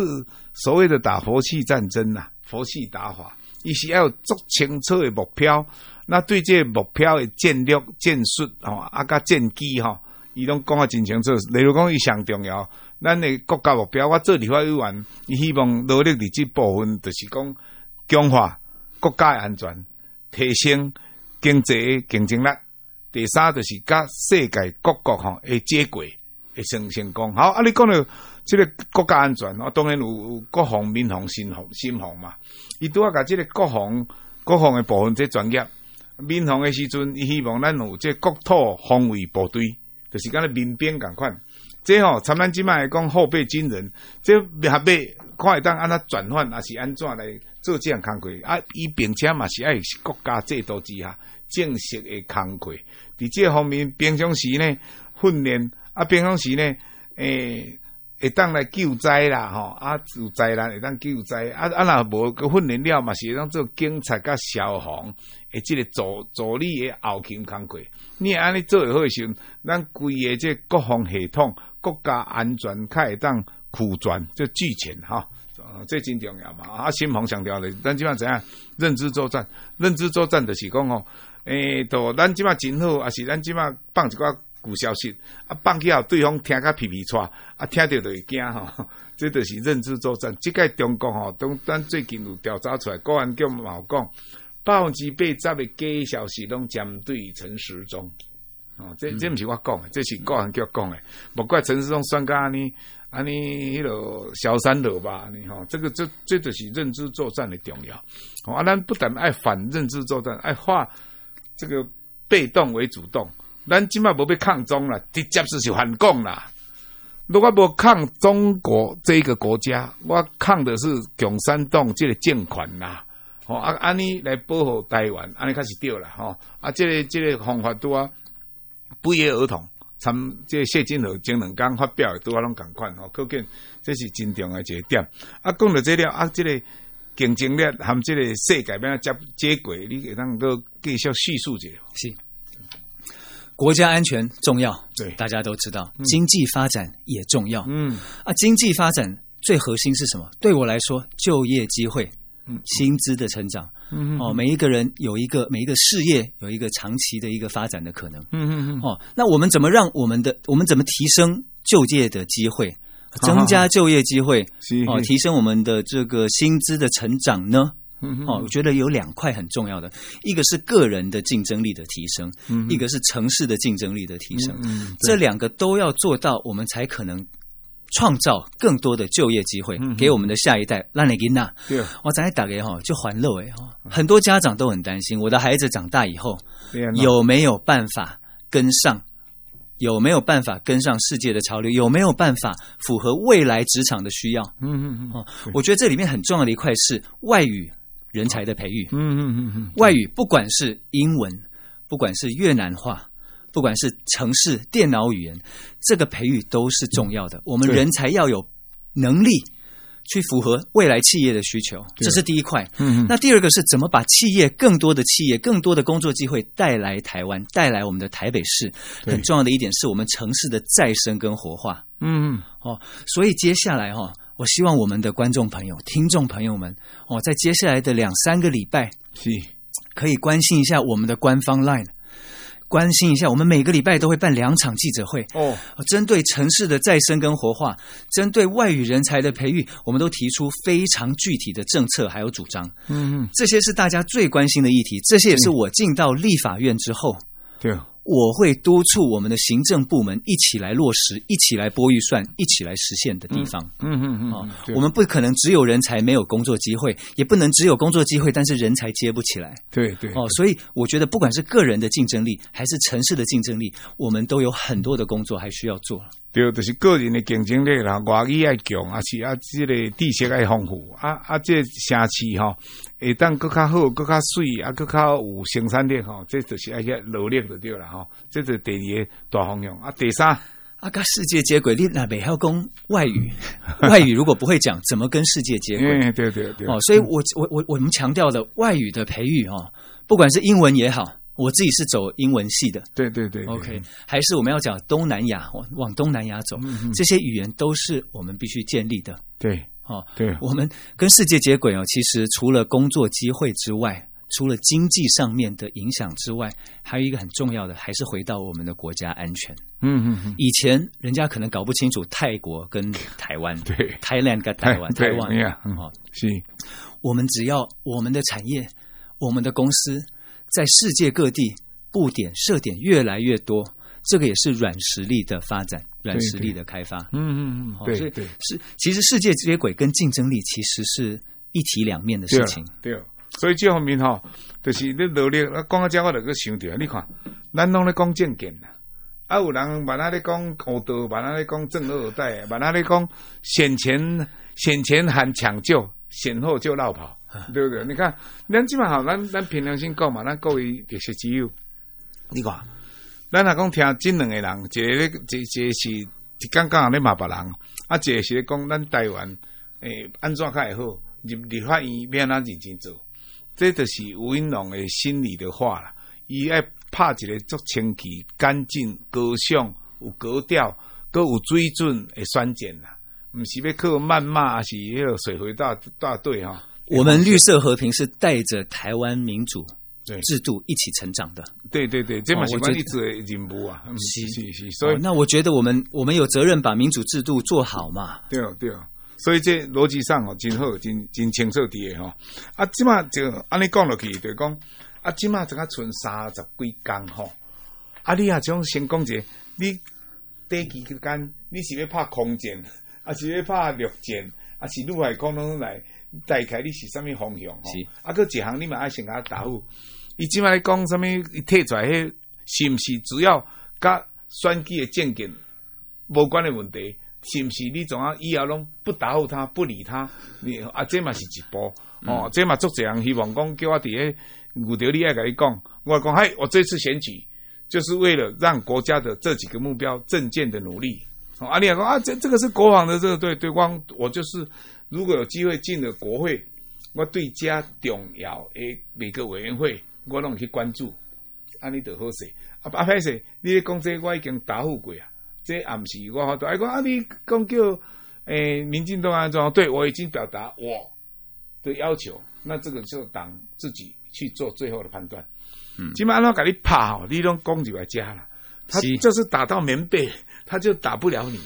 Speaker 1: 所謂的打佛系戰爭、啊、佛系打法，伊是要足清楚的目標。那對這個目標嘅戰略、戰術吼，啊甲戰機吼，伊攏講啊真清楚。例如講伊上重要，咱誒國家目標，我做立法委員，伊希望努力佇即部分著是講強化國家嘅安全，提升經濟競爭力。第三著是甲世界各國吼會接軌，會成成功。好，啊，你講了，即、這個國家安全，我當然有國防、民防、心防、心防嘛。伊拄啊，甲即、這個國防、國防嘅部分即專業。民防誒時陣，伊希望咱有即國土防衛部隊，著、就是敢若民兵共款，即、這、吼、個哦，參咱即只誒講後備軍人，即密碼看會當安怎轉換，抑是安怎來做即項、啊、工作？啊，伊並且嘛是愛是國家制度之下正式誒工作。佇即方面，平常時呢訓練啊，平常時呢誒。欸會當來救災啦，吼、啊，啊救災啦，會當救災啊，啊若無訓練了嘛，是會當做警察甲消防，會即個助助力誒後勤工作。你安尼做會好時，誒，先咱規個這國防系統、國家安全，較會當苦即個聚全吼，最、啊啊、真重要嘛。啊，新鵬強調的，咱即馬怎樣認知作戰？認知作戰着是講吼，誒、欸，都咱即馬真好，還是咱即馬放一掛。有消息啊，放去後對方聽個屁屁喘，啊，聽着就會驚吼、哦，這就是認知作戰。即屆中共吼，中、哦、咱最近有調查出來，國安局嘛有講百分之八十的假消息攏針對陳時中哦，這這毋是我講，的，這是國安局講的，莫、嗯、怪陳時中算甲安尼安尼迄個小三六吧，安尼吼，這個這這就是認知作戰的重要。吼、哦。啊，咱不但愛反認知作戰，愛化這個被動為主動。咱即嘛無要抗中啦，直接就是就反共啦。如果無抗中國這個國家，我抗的是共產黨即個政權啦。吼、喔，啊，安尼來保護台灣，安尼開始着啦。吼、喔。啊，即、這個即、這個方法拄啊，不約而同，參即、這個謝金河、前兩天發表誒拄啊，攏共款吼，可見即是真重要的一個點。啊，講到即、這個啊，即、這個競爭力含即個世界要怎接接
Speaker 2: 軌，你會當擱繼續敘述者是。國家安全重要，對，大家都知道，經濟發展也重要，嗯，啊，經濟發展最核心是什麼？對我來說，就業機會，嗯、薪資的成長、嗯
Speaker 3: 哼哼，哦，每
Speaker 2: 一個人有一個每一個事業有一個長期的一個發展的可能，
Speaker 3: 嗯嗯嗯，哦，
Speaker 2: 那我們怎麼讓我們的我們怎麼提升就業的機會，
Speaker 3: 增加
Speaker 2: 就業機會，好好，哦，提升我們的這個薪資的成長呢？ 哦，我覺得有兩塊很重要的，一個是個人的競爭力的提升， 一個是城市的競爭力的提升。 這兩個都要做到，我們才可能創造更多的就業機會， 給我們的下一代。拉內吉納，對，我再打個電話，就還 樂哎很多家長都很擔心，我的孩子長大以後 有沒有辦法跟上？有沒有辦法跟上世界的潮流？有沒有辦法符合未來職場的需要？嗯
Speaker 3: 嗯嗯。哦，我覺得這裡面
Speaker 2: 很重要的一塊是外語。人才的培育，嗯嗯
Speaker 3: 嗯
Speaker 2: 嗯，外語不管是英文，不管是越南話，不管是城市電腦語言，這個培育都是重要的。我們人才要有能力去符合未來企業的需求，這是第一塊。嗯，那第二個是怎麼把企業更多的企業更多的工作機會帶來台灣，帶來我們的台北市。很重要的一點是我們城市的再生跟活化。嗯嗯，哦，所以接下來哈。我希望我們的觀眾朋友、聽眾朋友們哦，在接下來的兩三個禮拜，可以關心一下我們的官方 Line，關心一下我們每個禮拜都會辦兩場記者會哦，針對城市的再生跟活化，針對外語人才的培育，我們都提出非常具體的政策還有主張。嗯，嗯，這些是大家最關心的議題，這些也是我進到立法院之後。嗯，對。我會督促我們的行政部門，一起來落實，一起來撥預算，一起來實現的地方。
Speaker 3: 嗯嗯嗯，嗯。我們
Speaker 2: 不可能只有人才沒有工作機會，也不能只有工作機會，但是人才接不起來。對對。哦，所以我覺得，不管是個人的競爭力，還是城市的競爭力，我們都有很多的工作還需要做。就就是個人的競爭力啦，外語愛強，還是啊,啊，
Speaker 1: 這個知識愛豐富，啊啊，這城市吼一旦更加好、更加水，啊，更加有生產力哈、哦，這就是要努力就對了哈、哦，這是第二個大
Speaker 2: 方向。啊，第三啊，跟世界接軌，你那沒會講外語， 外語如果不會講，怎麼跟世界接軌？ 對對對，哦，所以我我我我們強調的外語的培育哈、哦，不管是英文也好。我自己是走英文系的，對對對，對，OK、嗯。還是我們要講東南亞，往往東南亞走、嗯嗯，這些語言都是我們必須建立的。對，哦，對，我們跟世界接軌哦，其實除了工作機會之外，除了經濟上面的影響之外，還有一個很重要的，還是回到我們的國家安全。
Speaker 3: 嗯嗯嗯。
Speaker 2: 以前人家可能搞不清楚泰國跟台灣， 對，Thailand 跟台灣，台灣啊，很好、嗯嗯，是我們只要我們的產業，我們的公司。在世界各地布點設點越來越多，這個也是軟實力的發展，軟實力的開發。對對嗯嗯嗯，對，對，是其實世界接軌跟競爭力其實是一體兩面的事情。
Speaker 1: 對，對，所以這方面哈、哦，就是你努力，剛剛講到我兩個想到，你看，咱攏在講正經啊，啊有人把那裡講厚道，把那裡講正二代，把那裡講選前、選前喊搶救，選後就落跑。 對不對，對？你看，咱這麼好，咱咱憑良心講嘛，咱各位也是只有你講，咱若講聽，即兩個人，一個、一個是、一個是剛剛的罵別人，人啊，一個是講咱台灣誒，安怎甲會好，入立法院安怎認真做。這就是吳怡農的心裡的話啦。伊愛拍一個足清氣、乾淨、高尚、有格調、各有水準誒選戰啦，毋是要去謾罵，還是迄個社會大大隊吼。我們綠
Speaker 2: 色和平是帶着台灣民主制度一起成長的。
Speaker 1: 對對對，這嘛一直啊，是是是。所以，那
Speaker 2: 我覺得我們我們有責任把民主制度做好嘛。
Speaker 1: 對、哦、對、哦、所以這邏輯上哦，今後今今前受敵哈啊，今嘛就阿你講落去就講啊，今嘛這個存三十幾天哈，阿、啊、你啊這先講你短期間你是要打空戰，還是要打陸戰？是路來講，攏來，大概你是什麼方向？是。啊，擱一項你嘛愛先甲我答覆。你只話講什麼？伊提出來嘿，是毋是？只要甲選舉誒政見無關誒問題，是毋是？你總啊以後攏不答覆他，不理他。你啊，這嘛是一步哦。嗯、這嘛足儕人希望講叫我佇下拄着你愛甲你講。我講嘿，我這次選舉，就是為了讓國家的這幾個目標政見的努力。阿、啊、麗也說啊，這這個是國防的這個，對對，光我，我就是，如果有機會進了國會，我對家重要誒，每個委員會我攏去關注，安麗都好勢，阿阿歹勢，你工、啊、這個、我已經答復過了、這個、啊，這也不是我好多，阿麗講叫誒，民進黨安、啊、這對我已經表達我的要求，那這個就黨自己去做最後的判斷，嗯，今晚我怎給你拍，你攏講就來家啦。他就是打到棉被，他就打不了你。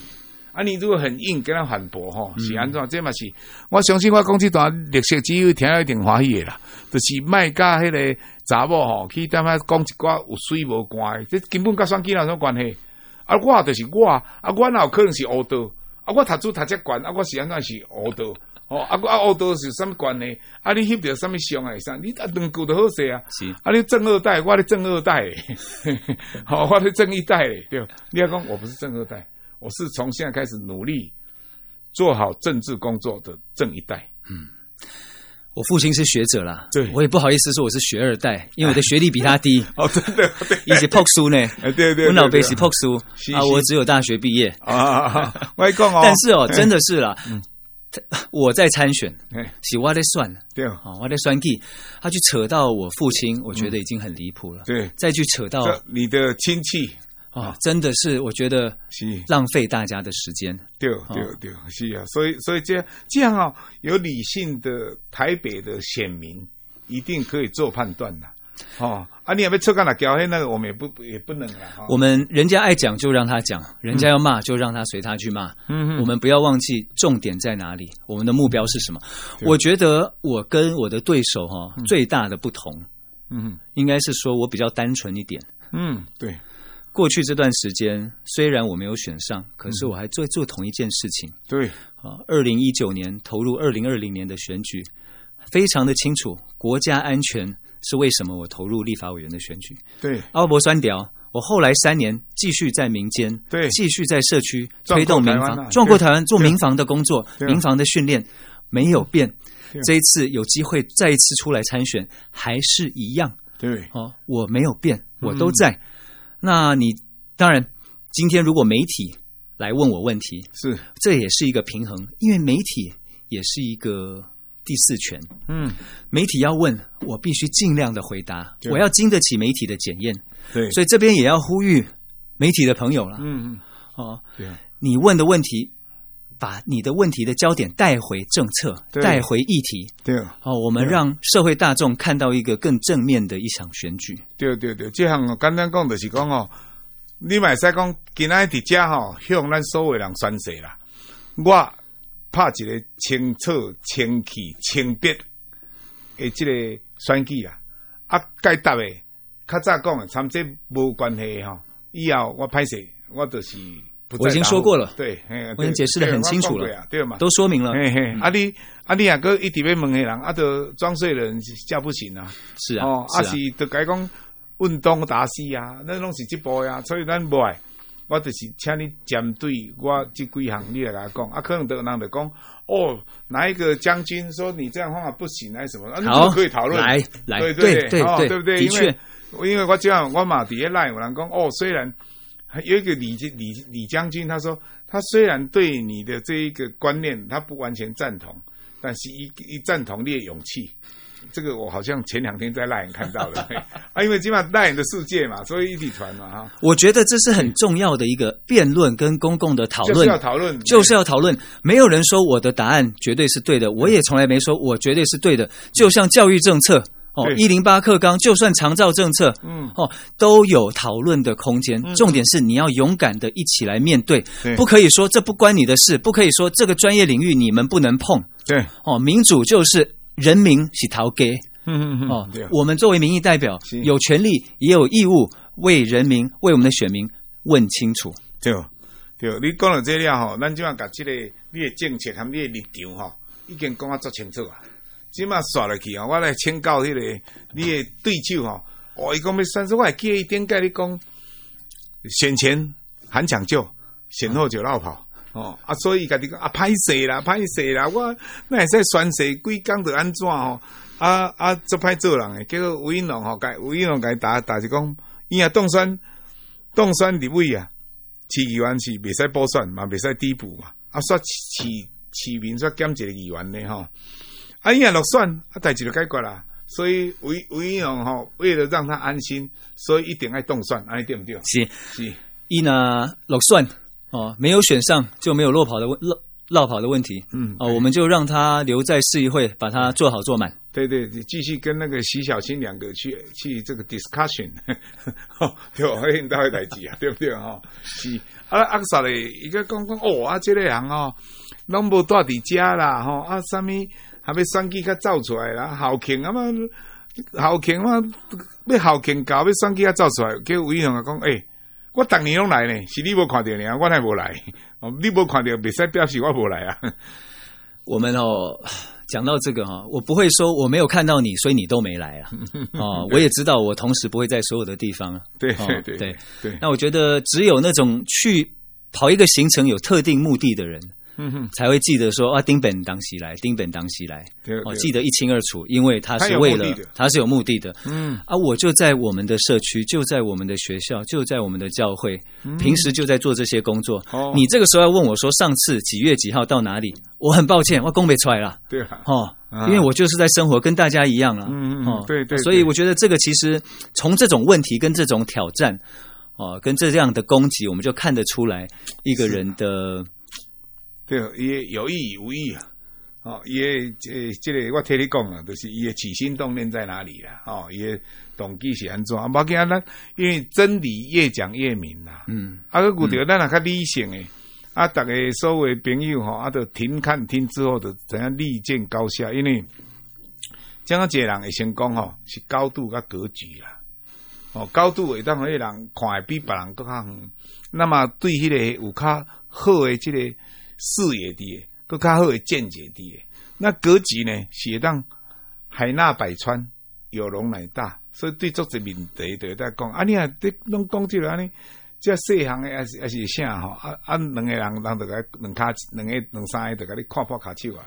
Speaker 1: 啊，你如果很硬跟、嗯，跟他反駁吼，是安怎？這嘛是，我相信我講這段歷史，只有聽了一定歡喜的啦，就是賣家那個查某吼去跟他媽講一掛有水無干，這根本跟選舉有什麼關係？而、啊、我就是我，啊，我有可能是黑道，啊，我讀書讀這管，啊，我是安怎是黑道。哦、啊，阿哥阿歐都是什麼關呢？阿你那邊有什麼香啊？你阿兩姑都好些啊？是，阿、啊、你政二代，我阿政二代、欸，好、 哦，我阿政一代、欸、對。你阿公我不是政二代，我是從現在開始努力做好政治工作的政一代。嗯，
Speaker 2: 我父親是學者啦，對我也不好意思說我是學二代，因為我的學歷比他低。哎、哦，對對對，一些博士呢，對對，我老爸是博士啊，我只有大學畢業啊，
Speaker 3: 啊，啊。我講、哦，但是哦，真的
Speaker 2: 是啦。嗯我在參選，是我在算，對啊、哦，我在算計，他去扯到我父親，我覺得已經很離譜了、嗯。對，再去扯到你的親戚啊、哦，真的是我覺得是浪費大家的時間。對對對，
Speaker 1: 對，是啊，所以所以這樣這樣啊、哦，有理性的台北的選民一定可以做判
Speaker 2: 斷的。哦，
Speaker 1: 啊，你有沒有幹了？搞黑那個，我們也不，也不能啊、哦。
Speaker 2: 我們人家愛講就讓他講，人家要罵就讓他隨他去罵。嗯，我們不要忘記重點在哪裡，我們的目標是什麼？嗯、我覺得我跟我的對手哈、哦嗯，最大的不同
Speaker 3: 嗯，
Speaker 2: 嗯，應該是說我比較單純一點。嗯，對。過去這段時間雖然我沒有選上，可是我還做，嗯、做同一件事情。對啊，二零一九年投入二零二零年的選舉，非常的清楚國家安全。是為什麼我投入立法委員的選舉？對，傲博酸屌！我後來三年繼續在民間，對，繼續在社區推動民防。壯闊台、啊、壯闊台灣做民防的工作，民防的訓練沒有變。這一次有機會再一次出來參選，還是一樣，對，哦，我沒有變，我都在。嗯、那你當然，今天如果媒體來問我問題，是這也是一個平衡，因為媒體也是一個。第四權，嗯，媒體要問我，必須盡量的回答，我要經得起媒體的檢驗，對，所以這邊也要呼籲媒體的朋友
Speaker 3: 了，嗯嗯，哦對，
Speaker 2: 你問的問題，把你的問題的焦點帶回政策，對，帶回議題
Speaker 3: 對，
Speaker 2: 對，哦，我們讓社會大眾看到一個更正面的一場選舉，對對對，對這就像我剛剛講的是講哦，你買是講
Speaker 1: 給哪一家哈，向咱所有人宣歲了，我。怕一個清澈、清氣、清白，的這個選舉啊！啊，解答的，較早講的，參這無關係吼。以後我拍誰，我就是。我已經說過了，對，對我已經解釋的很清楚了，了，對嘛，都說明了。啊你，嗯、啊你啊，你啊，閣一直被問的人，啊，都裝睡的人叫不醒啊！是啊，哦，阿是都改講運動打死啊，那攏是直播啊，所以咱不愛。我就是，請你針對我這幾行你來講，啊，可能得那邊講，哦，哪一個將軍說你這樣方法不行，還是什麼，那、啊、你可以討論，來，來，對，對，對，對，對、對，哦，對，對不對？因為的確，因為我這樣，我馬迪一賴，我能講，哦，雖然有一個李李李將軍，他說他雖然對你的這一個觀念，他不完全贊同，但是一一贊同你的勇氣。這個我好像前兩天在 LINE 看到了，啊， 因為今晚 LINE 的世界嘛，所以一體傳嘛，
Speaker 2: 我覺得這是很重要的一個辯論跟公共的討論，就是要討論，就是要討論。就是要討論，沒有人說我的答案絕對是對的，我也從來沒說我絕對是對的。就像教育政策哦，一零八課綱，就算長照政策，嗯哦，都有討論的空間。重點是你要勇敢的一起來面對嗯嗯，不可以說這不關你的事，不可以說這個專業領域你們不能碰。對，哦，民主就是。人民是頭家、嗯嗯嗯，哦對，
Speaker 3: 我
Speaker 2: 們作為民意代表是，有權利也有義務為人民為我們的選民問清楚。對，
Speaker 1: 對，你講到這裡啊吼，咱就講個這個、這個、你的政策和你的立場吼，已經講啊足清楚啊。即馬刷落去啊，我來請教迄、那個、嗯、你的對手啊、哦。我一講要三十塊，記一點解你講選前很講究，選後就落跑。嗯吼、哦、啊，所以家己講啊，歹勢啦，歹勢啦？我那會使選誰歸工著安怎吼啊啊，做、啊、歹做人誒，結果吳怡農吼甲吳怡農甲伊打打就講，伊若當選，當選的位啊，市議員是未使補選嘛，未使遞補嘛。啊，煞市市民煞減一個議員咧吼啊，伊若落選啊，代志著解決啦。所以吳吳怡農吼、哦、為了讓他安心，所以一定愛當選，愛對毋對？
Speaker 3: 是是，
Speaker 2: 伊若落選。哦，沒有選上就沒有落跑的問落落跑的問題。嗯，哦，嗯、我們就讓他留在市議會，把他做好做滿。
Speaker 1: 對對，對，繼續跟那個徐小青兩個去去這個 discussion，、嗯、 呵又開大台子啊，對不對呵呵啊，阿克薩嘞，一個剛剛哦啊，這類人哦，攏無帶底家啦，哈啊，啥咪還要雙機卡造出來了，好強啊嘛，好強嘛，咩好強搞，要雙機卡造出來，叫吳怡農啊講哎。我當年攏來呢，是
Speaker 2: 你無看到你，我還沒來。你無看到，別再表示我無來啊。我們哦，講到這個哈、哦，我不會說我沒有看到你，所以你都沒來啊。
Speaker 3: 哦，我也知
Speaker 2: 道，我同時不會在所有的地方。對對對、哦、對，對。那我覺得，只有那種去跑一個行程有特定目的的人才會記得說啊，丁本當西來，丁本當西來，我、哦、記得一清二楚，因為他是為了他，的的他是有目的的，嗯啊，我就在我們的社區，就在我們的學校，就在我們的教會，
Speaker 3: 嗯、平時
Speaker 2: 就在做這些工作。哦，你這個時候要問我說上次幾月幾號到哪裡，我很抱歉，我說不出來
Speaker 3: 了，對哈、哦啊，因為
Speaker 2: 我就是在生活，跟大家一樣了，嗯
Speaker 3: 嗯，哦、對，對對，所以
Speaker 2: 我覺得這個其實從這種問題跟這種挑戰，哦，跟這樣的攻擊，我們就看得出來一個人的。
Speaker 1: 對，伊誒有意無意啊！哦，伊誒即即個，這個、我替你講啊，著、就是伊誒起心動念在哪裡啦、啊？哦，伊誒動機是安怎啊？無要緊啊，咱因為真理越講越明啦、啊。嗯，啊，有著咱啊較理性誒，啊，逐個所謂朋友吼，啊，著聽看聽之後，著怎樣立見高下。因為，怎一個人會成功吼，是高度甲格局啦。哦，高度會當迄個人看，比別人佫較遠。那麼對迄個有較好誒，即個。視野低耶，擱較好嘅見解低耶。那格局呢？會當海納百川，有容乃大。所以對作問題對就說，對在講啊，你啊，這攏講起安尼，這細行誒，還是還是啥吼，啊啊，兩個人當得個，兩跤，兩個，兩三，個得個你看破跤手啊。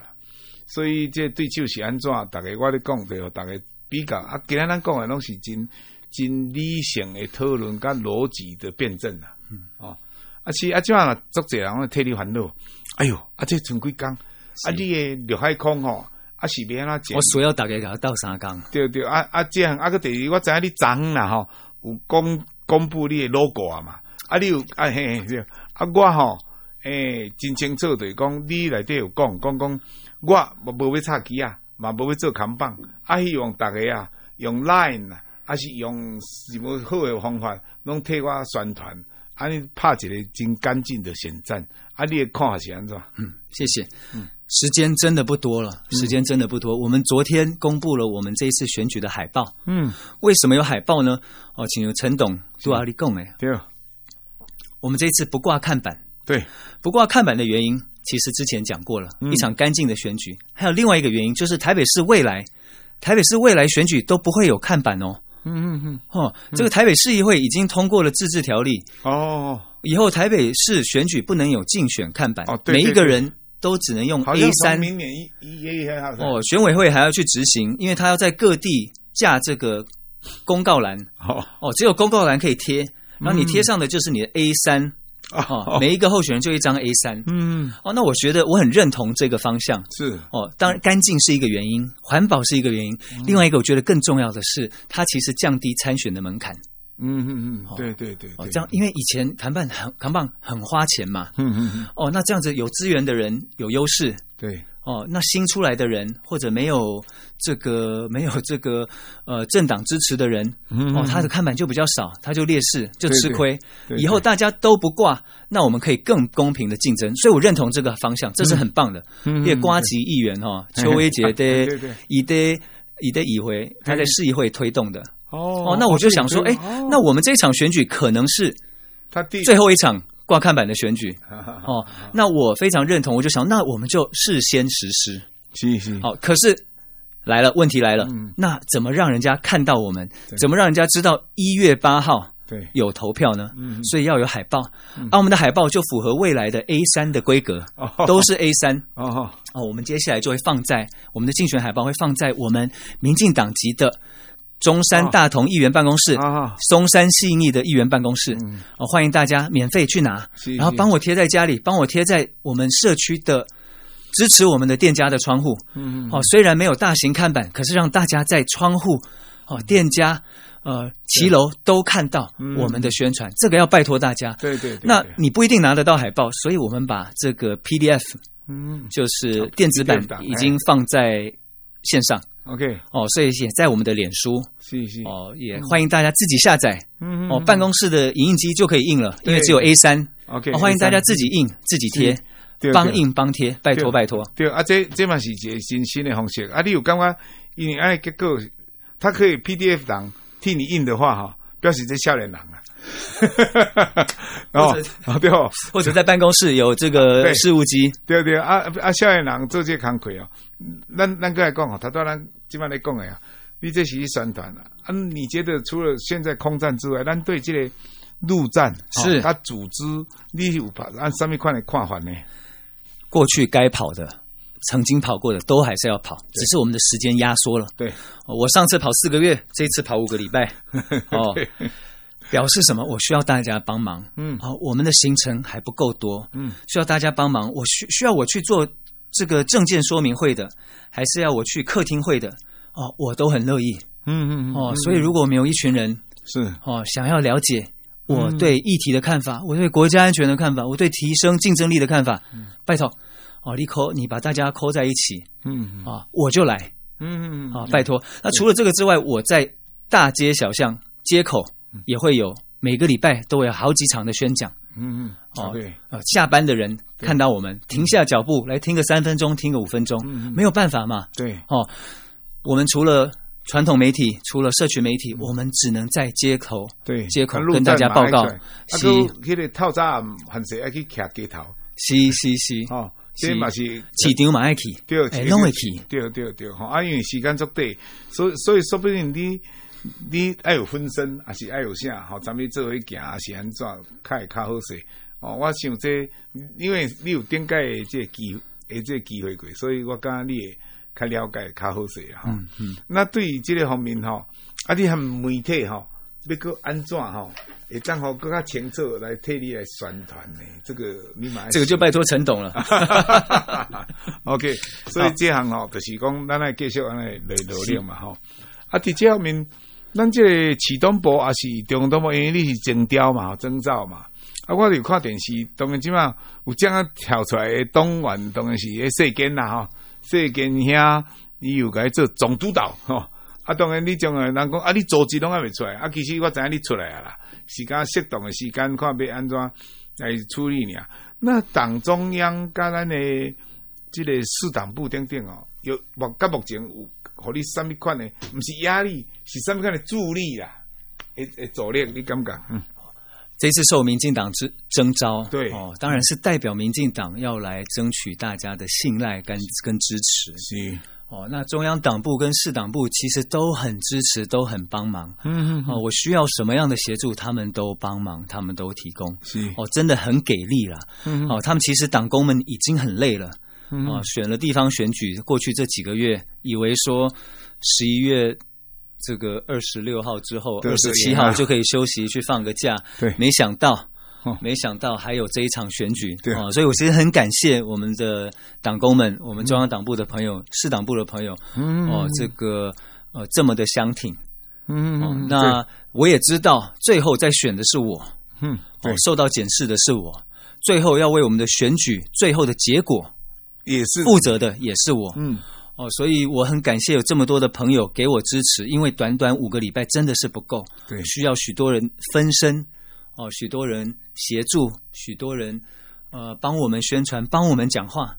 Speaker 1: 所以這對手是安怎？逐個我咧講對，逐個比較啊，今日咱講嘅攏是真真理性嘅討論，跟邏輯的辯證啦，啊。嗯哦。啊是啊即擺，遮濟人，攏替你煩惱。哎喲，啊這，賰幾工，啊，你劉海康吼，啊，是欲按怎。我需要逐個甲我鬥相共。對，對對，啊，即項啊，閣第二，我知影你昨昏啦吼，有公公布你誒 logo 啊嘛。啊你有，你又哎嘿，嘿對，啊，我吼，誒、欸，真清楚對，講你內底有講講講，我冇無欲插旗啊，嘛無欲做看板。啊。希望大家啊，用 line 啊，還是用什麼好的方法，攏替我宣傳。阿里帕姐的
Speaker 2: 已經乾淨的選戰，阿里也看好錢是吧？嗯，謝謝。嗯，時間真的不多了，時間真的不多。我們昨天公布了我們這一次選舉的海報。嗯，為什麼有海報呢？哦，請由陳董杜阿里貢哎。對啊。我們這次不掛看板。對。不掛看板的原因，其實之前講過了，嗯，一場乾淨的選舉。還有另外一個原因，就是台北市未來，台北市未來選舉都不會有看板哦。嗯嗯嗯，哦，這個台北市議會已經通過了自治條例哦，以後台北市選舉不能有競選看板哦，對對對，每一個人都只能用 A 三。
Speaker 1: 哦，
Speaker 2: 選委會還要去執行，因為他要在各地架這個公告欄哦，哦，只有公告欄可以貼，然後你貼上的就是你的 A 三，嗯。啊、哦，每一個候選人就一張 A3，嗯，哦，那我覺得我很認同這個方向，是哦，當然乾淨是一個原因，環保是一個原因，嗯，另外一個我覺得更重要的是，它其實降低參選的門檻，嗯
Speaker 3: 嗯嗯，對，對對對，哦，這樣
Speaker 2: 因為以前看板很看板很花錢嘛，嗯嗯嗯，哦，那這樣子有資源的人有優勢，對。哦，那新出來的人或者沒有這個沒有這個呃政黨支持的人，
Speaker 3: 嗯嗯，哦，他的
Speaker 2: 看板就比較少，他就劣勢就吃虧，對
Speaker 3: 對對對。以後
Speaker 2: 大家都不掛，那我們可以更公平的競爭。所以我認同這個方向，這是很棒的。也呱吉議員哈，邱、嗯哦嗯、威杰的，啊、對對對以以一的一的議會，他在市議會推動的。
Speaker 3: 嗯、哦，哦，那我就想說，哎、哦，那我
Speaker 2: 們這場選舉可能是
Speaker 3: 他、哦、最後一
Speaker 2: 場。掛看板的選舉，好好好好，哦，那我非常認同，我就想，那我們就事先實施，行行好。可是來了問題來了、嗯，那怎麼讓人家看到我們？怎麼讓人家知道一月八號對有投票呢？所以要有海報、嗯，啊，我們的海報就符合未來的 A 三的規格、哦，都是 A 三哦，哦，哦。我們接下來就會放在我們的競選海報會放在我們民進黨籍的。中山大同議員辦公室，哦啊啊、松山信義的議員辦公室，嗯、哦，歡迎大家免費去拿，
Speaker 3: 然後幫我
Speaker 2: 貼在家裡，幫我貼在我們社區的支持我們的店家的窗戶、
Speaker 3: 嗯。哦，雖
Speaker 2: 然沒有大型看板，可是讓大家在窗戶、嗯、哦店家、呃騎樓都看到我們的宣傳。嗯、這個要拜托大家。對對，對。那你不一定拿得到海報，所以我們把這個 PDF，嗯，就是電子版已經放在線上。OK，哦，所以，在我們的臉書，是
Speaker 3: 是，
Speaker 2: 哦，也歡迎大家自己下載，
Speaker 3: 嗯嗯，哦，辦
Speaker 2: 公室的影印機就可以印了，嗯、因為只有 A 三、
Speaker 1: 哦、，OK，歡迎大家自己
Speaker 3: 印 A3，自己貼，幫印幫，
Speaker 2: 幫貼，拜託拜託。對，對，
Speaker 1: 託對，對啊，這這嘛是一個新新的方式，啊，你有剛剛因為愛個，他可以 PDF 檔替你印的話哈。哦不要寫這年、啊、少年郎啊！哦哦，對哦，或者
Speaker 2: 在辦公室有這個事
Speaker 1: 務機，對對啊啊，少年郎做這康虧哦。那那個來講哦，他當然這邊來講哎啊，你這是宣傳啊。嗯，你覺得除了現在空戰之外，咱對這個陸戰是，他、啊、組織
Speaker 2: 你有把按上面看的看法呢？過去該跑的，曾經跑過的都還是要跑，只是我們的時間壓縮了。對，對哦、我上次跑四個月，這次跑五個禮拜。 哦，表示什麼？我需要大家幫忙。嗯，好、哦，我們的行程還不夠多。嗯，需要大家幫忙。我需需要我去做這個證件說明會的，還是要我去客廳會的？哦，我都很樂意。嗯嗯哦，所以如果沒有一群人是哦想要了解我對議題的看法、嗯，我對國家安全的看法，我對提升競爭力的看法，嗯、拜託。哦，扣你，你把大家扣在一起，
Speaker 3: 嗯
Speaker 2: 啊、嗯哦，我就來，
Speaker 3: 嗯啊、嗯哦，拜托、
Speaker 2: 嗯。那除了這個之外、嗯，我在大街小巷、街口也會有，嗯、每個禮拜都會有好幾場的宣講，
Speaker 3: 嗯
Speaker 2: 嗯，哦，啊，下班的人看到我們停下腳步來聽個三分鐘，聽個五分鐘、嗯，沒有辦法嘛，對，哦，我們除了傳統媒體，除了社區媒體，我們只能在街頭對街口跟大家報告。
Speaker 1: 阿哥，佢哋是、啊那個街是，對
Speaker 2: 是，是對，哦。即嘛是市場嘛，愛去對，
Speaker 1: 會對都要去對對對吼。啊，因為時間足短，所以所以說不定你你愛有分身，還是愛有啥？吼、哦。咱們做一件，還是安怎，較會較好勢吼、哦。我想即，因為你有頂改嘅即個機會，誒，即個機會過，所以我感覺你會，較了解，較好勢哈、哦，嗯
Speaker 3: 嗯。
Speaker 1: 那對於呢個方面，吼，啊，你和媒體，吼，要擱安怎，吼。也剛好跟他前奏來特地來選團呢，這個你買這個就
Speaker 2: 拜託陳董了。
Speaker 1: OK、哦、所以這行哈就是講，咱來繼續來來努力嘛吼。啊，第這後面，咱這啟動部也是中東部，因為你是徵調嘛，徵召嘛。啊，我有看電視，當然今晚有將啊跳出來的東，東員當然是誒，世根啦吼，世根兄，你又該做總督導吼、哦。啊，當然你種來人講啊，你組織攏還未出來，啊，其實我知影你出來啦。時間適當的時間，看要安怎來處理你啊。那黨中央加咱的這個市黨部等等哦，有目加目前有，互你蝦米款呢？不是壓力，是蝦米款的助力啊！誒誒，阻力，你感覺？嗯，
Speaker 2: 這次受民進黨之徵召，對哦，當然是代表民進黨要來爭取大家的信賴跟跟支持，是。哦，那中央黨部跟市黨部其實都很支持，都很幫忙。
Speaker 3: 嗯哼哼，哦，我
Speaker 2: 需要什麼樣的協助，他們都幫忙，他們都提供。是，哦，真的很給力啦。
Speaker 3: 嗯，哦，他
Speaker 2: 們其實黨工們已經很累
Speaker 3: 了。嗯，哦，
Speaker 2: 選了地方選舉，過去這幾個月，以為說十一月這個二十六號之後，二十七號就可以休息去放個假。對，沒想到。沒想到還有這一場選舉，呃，所以我其實很感謝我們的黨工們，我們中央黨部的朋友、嗯、市黨部的朋友，
Speaker 3: 哦、呃，這
Speaker 2: 個呃這麼的相挺，嗯、呃，
Speaker 3: 那
Speaker 2: 我也知道最後在選的是我，
Speaker 3: 嗯、呃，我
Speaker 2: 受到檢視的是我，最後要為我們的選舉最後的結果也是負責的也是我，
Speaker 3: 嗯，
Speaker 2: 哦、呃，所以我很感謝有這麼多的朋友給我支持，因為短短五個禮拜真的是不夠，需要許多人分身。哦，許多人協助，許多人呃幫我們宣傳，幫我們講話。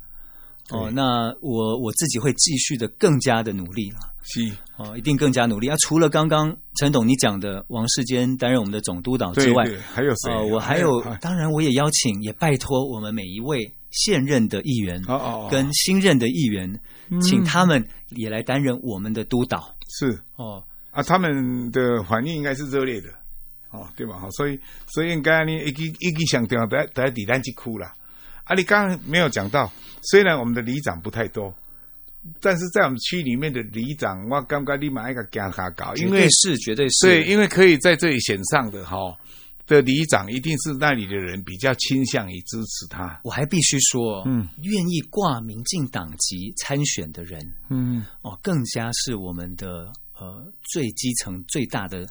Speaker 2: 哦，那我我自己會繼續的更加的努力了。
Speaker 3: 是
Speaker 2: 哦，一定更加努力啊！除了剛剛陳董你講的王世堅擔任我們的總督導之外，對對還有誰有、哦？我還有，當然我也邀請，也拜托我們每一位現任的議員哦哦，跟新任的議員哦哦哦，請他們也來擔任我們的督導。嗯、哦是哦啊，他們的
Speaker 1: 反應應該是熱烈的。哦，對吧？哈，所以所以應該你一 g 一 g 想掉，得得底單去哭了。啊，你剛剛沒有講到，雖然我們的里長不太多，但是在我們區裡面的里長，我剛剛立馬一個加他搞，因為絕對是對絕對是，因為可以在這裡選上的哈、哦。的里長一定是那裡的人比較傾
Speaker 2: 向於支持他。我還必須說，嗯，願意掛民進黨籍參選的人，嗯，哦，更加是我們的呃最基層最大的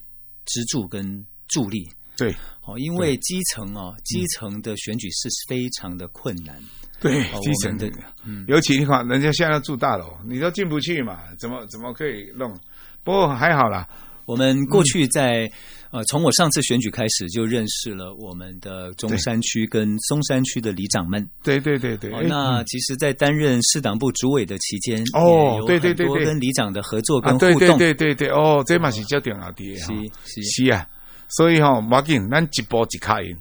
Speaker 2: 支柱跟。助力對哦，因為基層哦，基層的選舉是非常的困難。對基層的、嗯，尤其的話人家現在要住大樓，
Speaker 1: 你都進不去嘛，怎麼怎麼可以弄？
Speaker 2: 不過還好啦，我們過去在、嗯、呃，從我上次選舉開始，就認識了我們的中山區跟松山區的里長們。對對對對，那、欸嗯、其實，在擔任市黨部主委的期間，哦，對對對對，跟里長的合作跟互動，對對
Speaker 1: 對對對，對，哦，這嘛是叫點老弟，是是，是啊。是啊所以吼、哦，無要緊，咱一步一卡因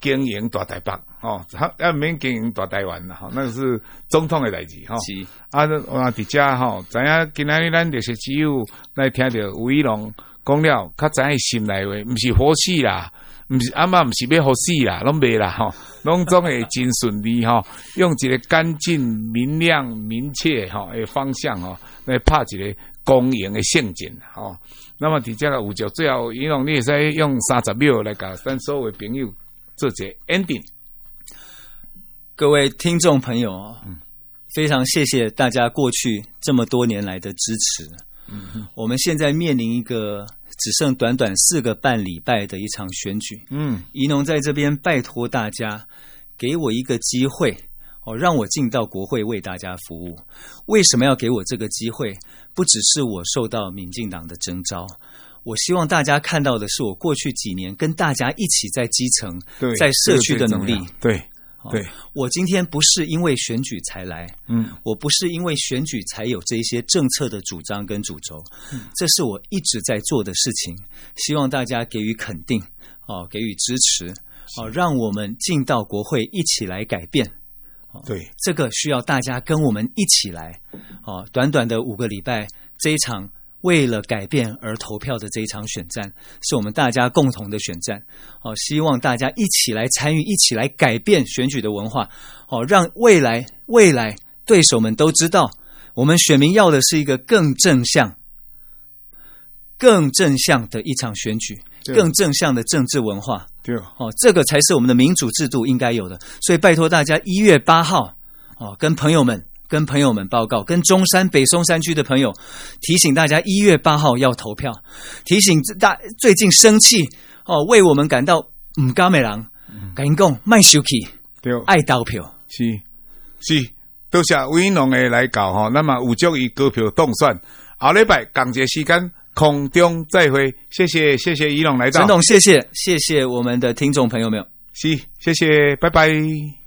Speaker 1: 經營大台北吼，啊、哦，免經營大台灣啦、哦，那是總統誒代志吼。是啊，我弟家吼，知影今仔日咱著是只有來聽着吳怡農講了，較早心內話，毋是好事啦，毋是啊，嘛毋是咩好事啦，攏袂啦吼，攏、哦、總會真順利吼， 用一個乾淨、明亮、明確吼誒方向吼來拍一個。公營的陷阱，哦，那麼提這個五九，最後怡農，你可以用三十秒來搞，跟所有朋友做結 ending。
Speaker 2: 各位聽眾朋友，非常謝謝大家過去這麼多年來的支持。嗯，我們現在面臨一個只剩短短四個半禮拜的一場選舉。嗯，怡農在這邊拜托大家，給我一個機會。哦，讓我進到國會為大家服務。為什麼要給我這個機會？不只是我受到民進黨的徵召，我希望大家看到的是我過去幾年跟大家一起在基層、在社區的努力。
Speaker 3: 對，對，對，哦，
Speaker 2: 我今天不是因為選舉才來，嗯，我不是因為選舉才有這些政策的主張跟主軸，嗯，這是我一直在做的事情。希望大家給予肯定，哦，給予支持，哦，讓我們進到國會一起來改變。對，這個需要大家跟我們一起來。哦，短短的五個禮拜，這一場為了改變而投票的這一場選戰，是我們大家共同的選戰。哦，希望大家一起來參與，一起來改變選舉的文化。哦，讓未來未來對手們都知道，我們選民要的是一個更正向、更正向的一場選舉。更正向的政治文化對，哦，這個才是我們的民主制度應該有的。所以拜托大家，一月八號，哦，跟朋友們、跟朋友們報告，跟中山北松山區的朋友提醒大家，一月八號要投票。提醒大家最近生氣哦，為我們感到唔甘的人，嗯、跟講賣手氣，對，愛投票是是，多謝吳怡農的來搞哈。那、哦、麼
Speaker 1: 有足於投票凍蒜，好，禮拜感謝時間。空中再會，謝謝
Speaker 3: 謝謝怡農來到，陳董，謝謝
Speaker 2: 謝謝我們的聽眾朋友們，有，謝謝，拜拜。